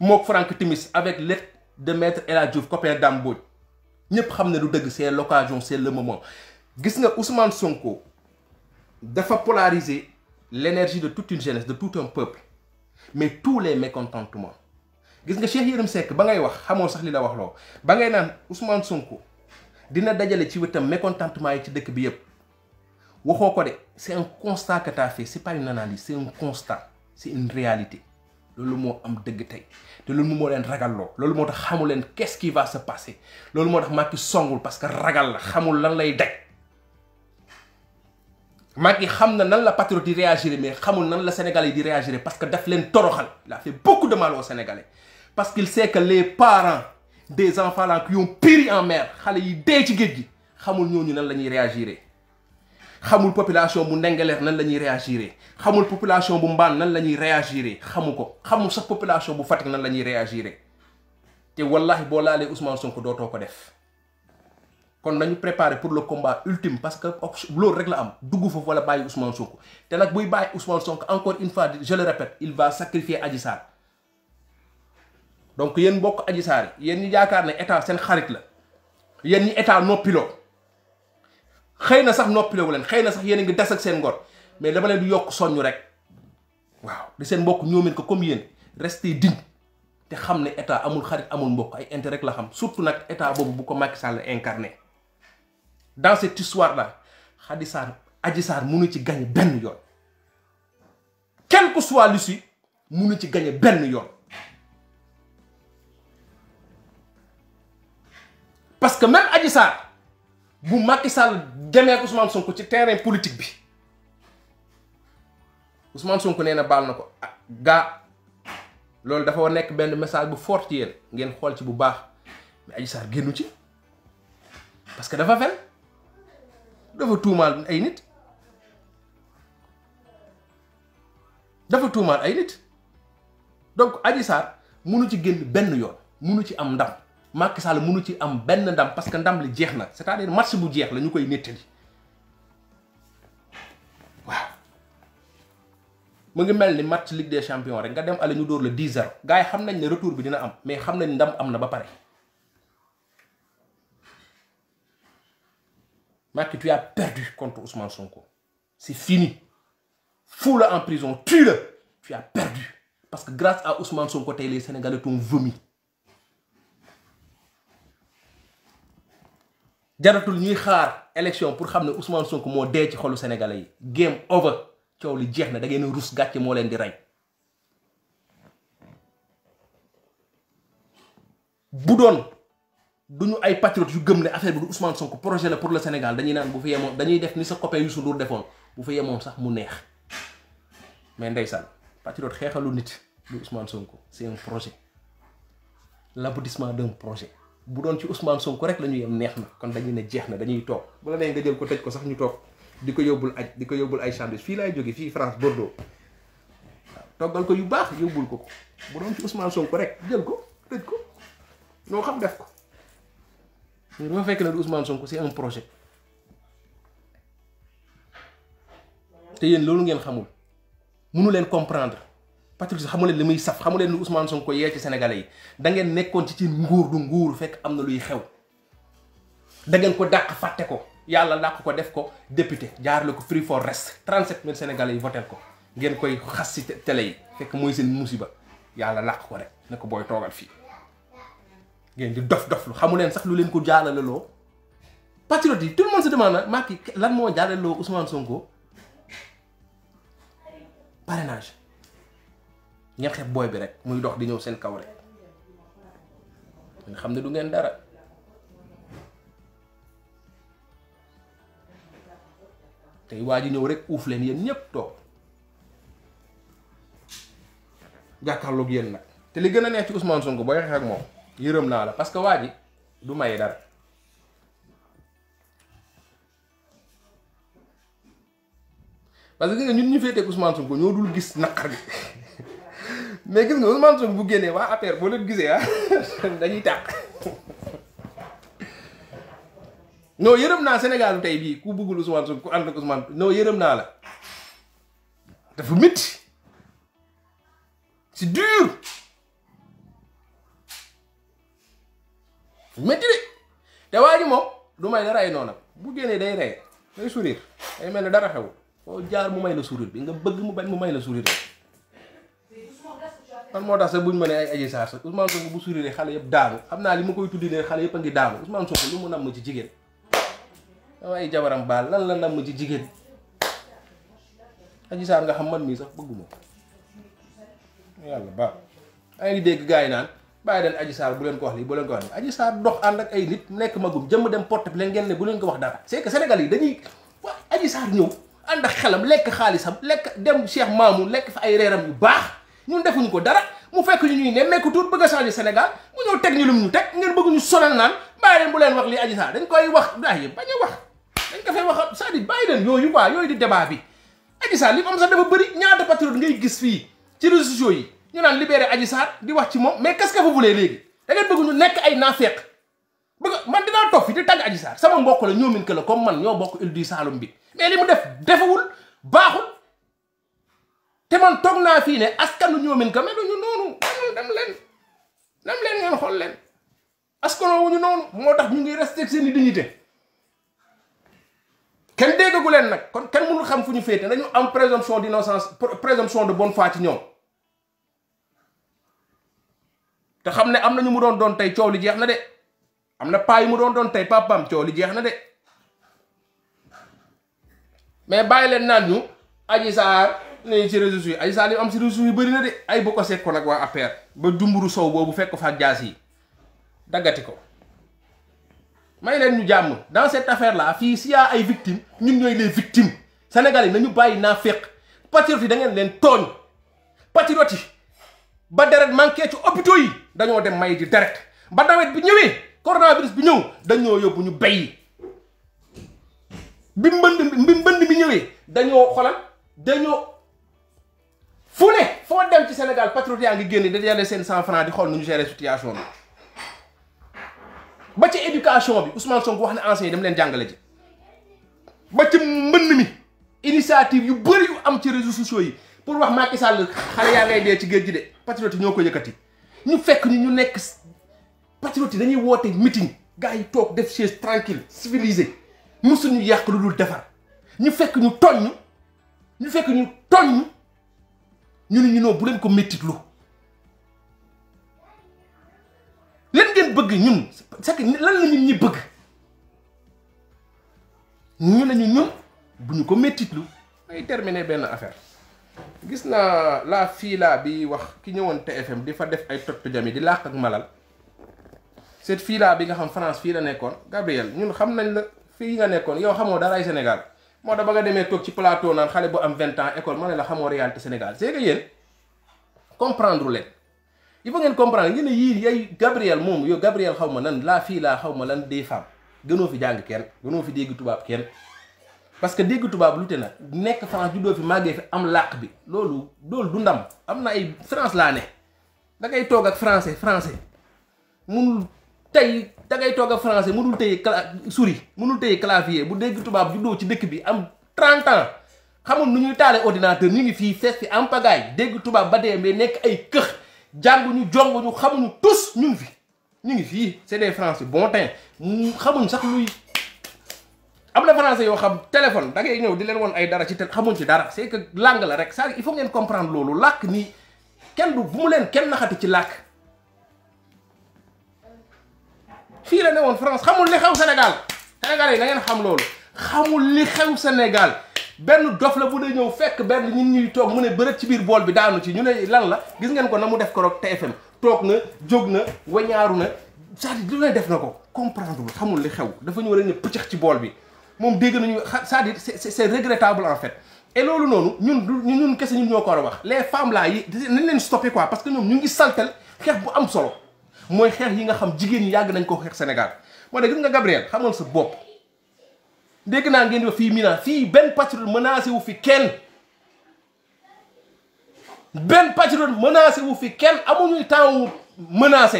mook Franck Timis avec l'aide de maître El Hadj Diouf copain Dame Mbodj ñëpp xam ne lu dëgg c'est l'occasion c'est le moment gis nga Ousmane Sonko dafa polariser l'énergie de tout une jeunesse de tout un peuple mais tous les mécontentements gis nga Cheikh Yérim Seck ba ngay wax xamoo sax li la wax loo ba ngay naan Ousmane Sonko dina dajale ci wetam mécontentement yi ci dëkk bi yëpp waxoo ko de c'est un constat que t'as fait c'est pas une analyse c'est un constat c'est une réalité loolu moo am dëgg tey te loolu moo leen ragal loolu moo tax xamul leen qu'est-ce qui va se passer loolu moo tax Macky songul parce que ragal la xamul lan lay daj Macky xam na nan la patriote di réagir mais xamul nan la sénégalais yi di réagir parce que daf leen toroxal il a fait beaucoup de parce qu'il sait que les parents des en là qui ont péri en mer xale yi dee ci géej gi xamul ñooñu nan la ñuy réagir xamul population bu Ndengeleer nan la ñuy réagir xamul population bu Mbaan nan la ñuy réagir xamu ko xamul sax population bu Fatick nan la ñuy réagir te wallahi boo laalee Ousmane Sonko dootoo ko def kon nañu préparer pour le combat ultime parce que loolu rek la am dugg foofu wala bàyyi Ousmane Sonko te nag buy bàyyi Ousmane Sonko encore une fois je le donc yéen mbokk Adji Sarr yéen ñi yaakaar ne état seen xarit la yenn ñi état noppiloo xëy na sax noppiloowu leen xëy na sax yéen ngi des ak seen ngor mais dafa leen di yokk soññu rek waaw di seen mbokk ñoomeen ko comme yéen restez digne te xam ne état amul xarit amul mbokk ay intérêt rek la xam surtout nag état boobu bu ko Macky Sall incarné dans cette histoire là Adji Sarr Adji Sarr munu ci gañe benn yoon quel que si mu munu ci gañe benn yoon parce que même Adji Sarr bu Macky Sall demee ak Ousmane ci terrain politique bi Ousmane Sonko nee na baal na ko ah gaa loolu dafa nekk benn message bu fort ci ngeen xool ci bu baax mais Adji génnu ci parce que dafa fen dafa tuumaal ay nit dafa tuumaal ay nit donc Adji Sarr munu ci génn benn yoon munu ci am ndam. Macky Sall mënu ci am benn ndam parce que ndam li jeex na c'est-à-dire match bu jeex la ñu koy nettali waaw mu ngi mel ni match Ligue des champions rek nga dem ale ñu dóor la 10-0 gars yi xam nañ ne retour bi dina am mais xam nañ ndam am na ba pare. Macky tu perdu contre Ousmane Sonko c'est fini foo la en prison tue-le tu perdu parce que grâce à Ousmane Sonko tey les Sénégalais t'ont vomi. jaratul ñuy xaar élection pour xam ne Ousmane Sonko moo dee ci xolu Sénégalais yi game over coow li jeex na dangeen ngeen rus gàcce moo leen di rey bu doon duñu ay patriotes yu gëm ne affaire bi du Ousmane Sonko projet la pour le Sénégal dañuy naan bu fa yemoon dañuy def ni sa copain Youssou Ndour defoon bu fa yemoon sax mu neex mais ndeysaan patriote xeexalu nit du Ousmane Sonko c'est un projet l'aboutissement d'un projet bu doon ci Ousmane Sonko rek la ñu yem neex na kon dañuy ne jeex na dañuy toog bala nee nga jël ko tëj ko sax ñu toog di ko yóbbul aj di ko yóbbul ay sandwich fii laay jóge fii France Bordeaux waaw toggal ko yu baax yóbbul ko ko bu doon ci Ousmane Sonko rek jël ko tëj ko noo xam def ko mais bu ma fekk ne du Ousmane Sonko c'est un projet te yéen loolu ngeen xamul munu leen comprendre. Patrick xamu leen li muy saf xamu leen lu Ousmane Sonko yee ci Sénégalais yi da ngeen nekkoon ci ci nguur du nguur fekk am na luy xew da ngeen ko dàq fàtte ko yàlla dàq ko def ko député jaarale ko Free for Rest 37000 Sénégalais yi votel ko ngeen koy xas ci télé yi fekk mooy seen musiba yàlla dàq ko rek ne ko booy toogal fii ngeen di dof dof lu xamu leen sax lu leen ko jaalale loo patriote yi tout le monde se demande lan moo jaalale loo Ousmane ngeen booy bi rek muy dox di ñëw seen kaw rek xam ne du ngeen dara tey waa ji ñëw rek uuf leen yéen ñépp toog jàkkaarloog yéen nag te li gën a neex ci Ousmane Sonko booy xeex ak moom yërëm naa la parce que waa ji du may dara parce que ñun ñu féetee Ousmane Sonko ñoo dul gis naqar bi mais gis nga Ousmane Sonko bu génnee waa APR boo leen gisee ah dañuy tàq non yërëm naa Sénégal tey bii ku bëggul Ousmane Sonko ku ànd ak Ousmane non yërëm naa la dafa métti c'est dur métti de te waa ji moom du may dara ay noonam bu génnee day rey day sourire day mel ne dara xew foo jaar mu may na sourire bi nga bëgg mu bañ mu may la sourire man moo tax sax buñ ma ne ay Adji Sarr sax Ousmane Sonko bu sourire xale yëpp daanu xam naa li ma koy tuddi ne xale yëpp a ngi daanu Ousmane Sonko lu mu namm ci jigéen dama ay baal lan la namm ci jigéen Adji nga xam man mii sax bëgguma yàlla baax ay ngi dégg gars yi naan bàyyi leen Adji Sarr bu leen ko wax lii bu leen ko wax lii Adji Sarr dox ànd ak ay nit nekk magum jëmm dem porte bi leen ngeen ne bu leen ko wax dara c'est que Sénégal yi dañuy waa Adji Sarr ñëw ànd ak xelam lekk xaalisam lekk dem Cheikh Mamou lekk fa ay reeram yu baax ñun defuñ ko dara mu fekk ñu ñuy ne mekk tuut bëgg a changer Sénégal mu ñëw ñu lu mu ñu teg ngeen bëgg ñu sonal naan bàyyi leen leen wax lii Adji Sarr dañ koy wax ay a wax dañ ko bàyyi leen yooyu quoi yooyu di débat bi Adji Sarr li mu am bëri ñaata patriote ngay gis fii ci réseaux sociaux yi ñu naan libéré Adji Sarr di wax ci moom mais qu'est-ce que vous voulez léegi da ngeen bëgg ñu nekk ay naafeq bëgg man dinaa toog fi di tàgg Adji Sarr sama mbokk la ñoomin que la comme man ñoo bokk île du bi mais li mu def defawul baaxul te man toog naa fii ne askanu ñoomin ka ñu noonu dem leen dem leen ngeen xool leen askanoo ñu noonu moo tax ñu ngi respecté seen i dignité kenn déggagu leen nag kon kenn mënul xam fu ñu féete nañu am présomption d'innocence présomption de bonne foi ci ñoom te xam ne am na ñu mu doon doon tey coow li jeex na de am na paa yi mu doon doon tey paam coow li jeex na de mais bàyyi leen naan ñu Adji Sarr ne ci réseaux yi ay Salim am si réseaux yu bëri na de ay bu ko seet ko nag waa APR ba dumburu sow boobu fekk fa jaas yi daggati ko may leen ñu jàmm dans cette affaire là fii s'il y a ay victimes ñun ñooy les victimes Sénégal yi nañu bàyyi naa féq patriote yi da ngeen leen tooñ patriote yi ba deret manqué ci hôpitaux yi dañoo dem may di deret ba nawet bi ñëwee coronavirus bi ñëw dañoo yóbbu ñu béy bi mbënd bi mbënd bi ñëwee dañoo xolal dañoo fu ne foo dem ci Sénégal patriote yaa ngi génn di yàlla seen cent franc di xool nu ñu gérer situation bi ba ci éducation bi Ousmane Sonko wax ne enseignants yi dem leen jàngale ji ba ci mbënn mi initiative yu bëri yu am ci réseau sociaux yi pour wax Macky Sall xale yaa ngay dee ci géej gi de patriote yi ñoo ko yëkkati ñu fekk ñu ñu nekk patriote yi dañuy woote meeting gars yi toog def chaise tranquille civilisé mosuñu yàq lu dul defar ñu fekk ñu toññ ñu fekk ñu toññ ñu ñunoo bu leen ko méttitlu lan ngeen bëgg ñun c'est que lan la ñun ñi bëgg ñu nañu ñun bu ñu ko méttitlu ay terminer benn affaire gis naa laa fiilaa bi wax ki ñëwoon TFM di fa def ay tottu jami di làq ak malal cette fii bi nga xam France fii la nekkoon Gabriel ñun xam nañ la fii nga nekkoon yow xamoo dara ay Sénégal moo tax ba nga demee toog ci plateau naan xale bu am vingt ans école ma ne la xamoo réalité Sénégal c'est que yéen comprendre leen il faut ngeen comprendre ngeen yii yay Gabriel moom yow Gabriel xaw ma nan laa fii laa xaw ma lan des femmes gënoo fi jàng kenn gënoo fi dégg tubaab kenn parce que dégg tubaab lu te nag nekk France juddoo fi màggee fi am làq bi loolu loolu du ndam am na ay France laa ne da ngay toog ak français français munul tey da ngay toog a français mënul téye cla mënul téye clavier bu dégg tubaab juddoo ci dëkk bi am 30 ans lu ñuy taale ordinateur ñu ngi fii fees fi en pagaille dégg tubaab ba dee mais nekk ay këx jànguñu jonguñu xamuñu tous ñu ñun fi ñu ngi fii c'est des français bon temps xamuñ sax luy am na français yoo xam téléphone da ñëw di leen woon ay dara ci te xamuñ ci dara c'est que langue la rek ça il faut ngeen comprendre loolu làkk nii kenn du bu mu leen kenn naxatu ci làkk fii la ne woon France xamul li xew Sénégal sénégalais yi na ngeen xam loolu xamul li xew Sénégal benn dof la bu dee ñëw fekk benn ñun ñuy toog mu ne bërët ci biir bool bi daanu ci ñu ne lan la gis ngeen ko na mu def ko roog TFM toog na jóg na wañaaru na c'est-à-dire lu ne def na ko comprendre xamul li xew dafa ñu war a ñëw ci bool bi moom dégg nañu c'est-à-dire c'est regrettable en fait et loolu noonu ñun ñun kese ñun ñoo ko war a wax les femmes là yi nañ leen stoppé quoi parce que ñoom ñu ngi saltel xeex bu am solo mooy xeex yi nga xam jigéen ñi yàgg nañ ko xeex Sénégal moo ne gis nga Gabriel xamal sa bopp dégg naa ngeen di wax fii Milan fii benn patrouille menacé wu fi kenn benn patriote menacé wu fi kenn amuñuy temps wu menacé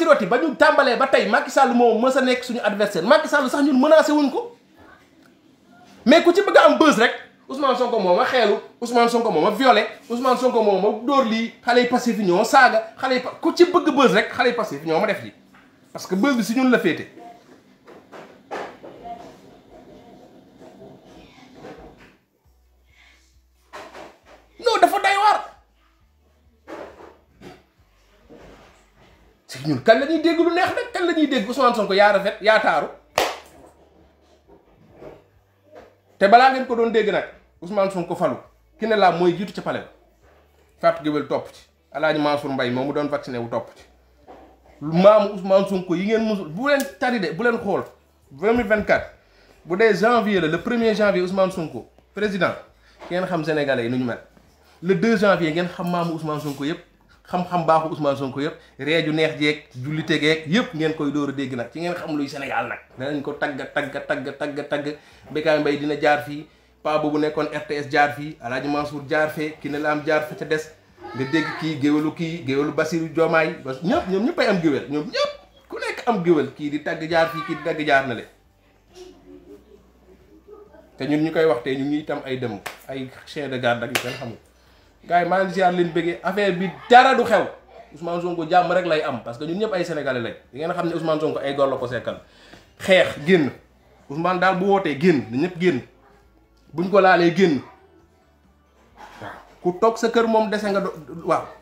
yi ba ñu tàmbalee ba tey Macky Sall moo mës a nekk suñu adversaire Macky Sall sax ñun menacé wuñ ko mais ku ci bëgg a am bës rek Ousmane Sonko moo ma xeelu Ousmane Sonko moo ma violé Ousmane Sonko moo ma dóor lii xale yi passif ñoo saaga xale yi ku ci bëgg buzz rek xale yi passif ñoo ma def lii parce que buzz bi si ñun la féete. non dafa day waar. si ñun kan la ñuy dégg lu neex nag kan la ñuy dégg Ousmane Sonko yaa rafet yaa taaru. te balaa ngeen ko doon dégg nag Ousmane Sonko falu ki ne laa mooy jiitu ci palais Fatou Guewel topp ci Alaaji Mansour mbay moom mu doon vacciné wu topp ci maamu Ousmane Sonko yi ngeen musul bu leen tari de bu leen xool 2024 bu dee janvier la le premier janvier Ousmane Sonko président ngeen xam sénégalais yi nu ñu mel le 2 janvier ngeen xam maamu Ousmane Sonko yëpp. xam-xam baaxu Ousmane Sonko yëpp reeju neex jeeg jullite geeg yëpp ngeen koy door a dégg nag ci ngeen xam luy Sénégal nag danañ ko tagga tagga tagga tagga tagg Bécaye Mbaye dina jaar fii pa boobu nekkoon RTS jaar fii Alaaji Mansour jaar fee ki ne la am jaar fa ca des nga dégg kii géwélu kii géwélu Basiru Diomaay ba ñëpp ñoom ñëppay am géwél ñoom ñëpp ku nekk am géwél kii di tagg jaar fii kii di tagg jaar na le te ñun ñu koy wax te ñu ngi itam ay dem ay chien de garde ak yu kenn xamul gars yi maa ngi leen bëggee affaire bi dara du xew Ousmane Sonko jàmm rek lay am parce que ñun ñëpp ay sénégalais lañ di xam ne Ousmane ay góor la ko sekkal xeex génn Ousmane daal wootee génn ñëpp génn buñ ko laalee génn ku toog sa kër moom dese nga do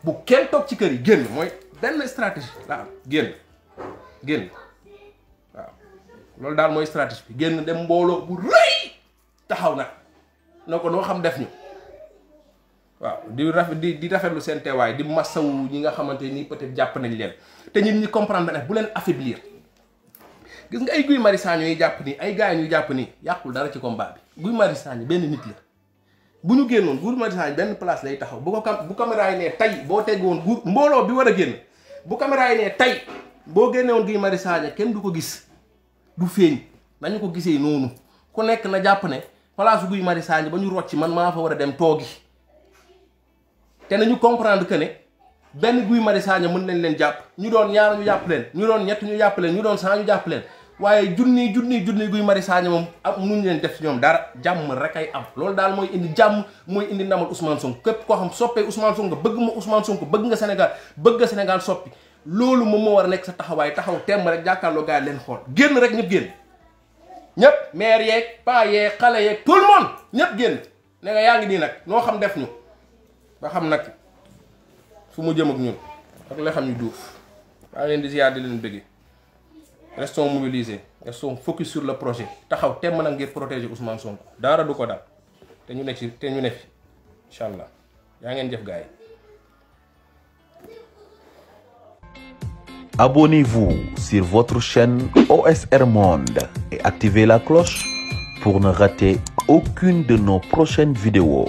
bu kenn toog ci kër yi génn mooy benn stratégie la am génn daal mooy stratégie bi génn dem mbooloo bu rëy taxaw na na ko noo xam def ñu. di rafet di di rafetlu seen teewaay di masawu ñi nga xamante ni peut-être jàpp nañ leen te ñun ñi comprendre ne bu leen affaiblir gis nga ay Guy Marius Sagna jàpp nii ay gars yi jàpp nii yàqul dara ci combat bi Guy Marius Sagna benn nit la bu ñu génnoon guur Marius benn place lay taxaw bu ko cam bu caméra tey boo tegg woon guur mbooloo bi war a génn bu caméra yi ne tey boo génne woon Guy Marius kenn du ko gis du feeñ nañu ko gisee noonu ku nekk na jàpp ne place Guy Marius ba ñu rocc man maa fa war a dem toogi te nañu comprendre que ne benn Guy Marius Sagna mën nañ leen jàpp ñu doon ñaar ñu jàpp leen ñu doon ñett ñu jàpp leen ñu doon cent jàpp leen waaye junni junni junni Guy Marius Sagna moom am mënuñu leen def ci ñoom dara jàmm rek ay am loolu daal mooy indi jàmm mooy indi ndamal Ousmane Sonko képp koo xam soppee Ousmane Sonko nga bëgg ma Ousmane Sonko bëgg nga Sénégal bëgg nga Sénégal soppi loolu moom moo war a nekk sa taxawaay taxaw temm rek jàkkaarloo gars leen xool génn rek ñëpp génn maire yeeg paa yeeg xale yeeg tout le génn ne yaa ngi nii nag noo xam def ñu ba xam nag fu mu jëm ak ñun ak la xam ñu duuf maa leen di ziar di leen bëggee restons mobilisés restons focus sur le projet taxaw temm nag ngir protéger Ousmane sonk daara du ko daal te ñu ne ci te ñu ne fi incha yaa ngeen jëf gaay yi. Abonnez-vous sur votre chaîne OSR Monde et activez la cloche pour ne rater aucune de nos prochaines vidéos.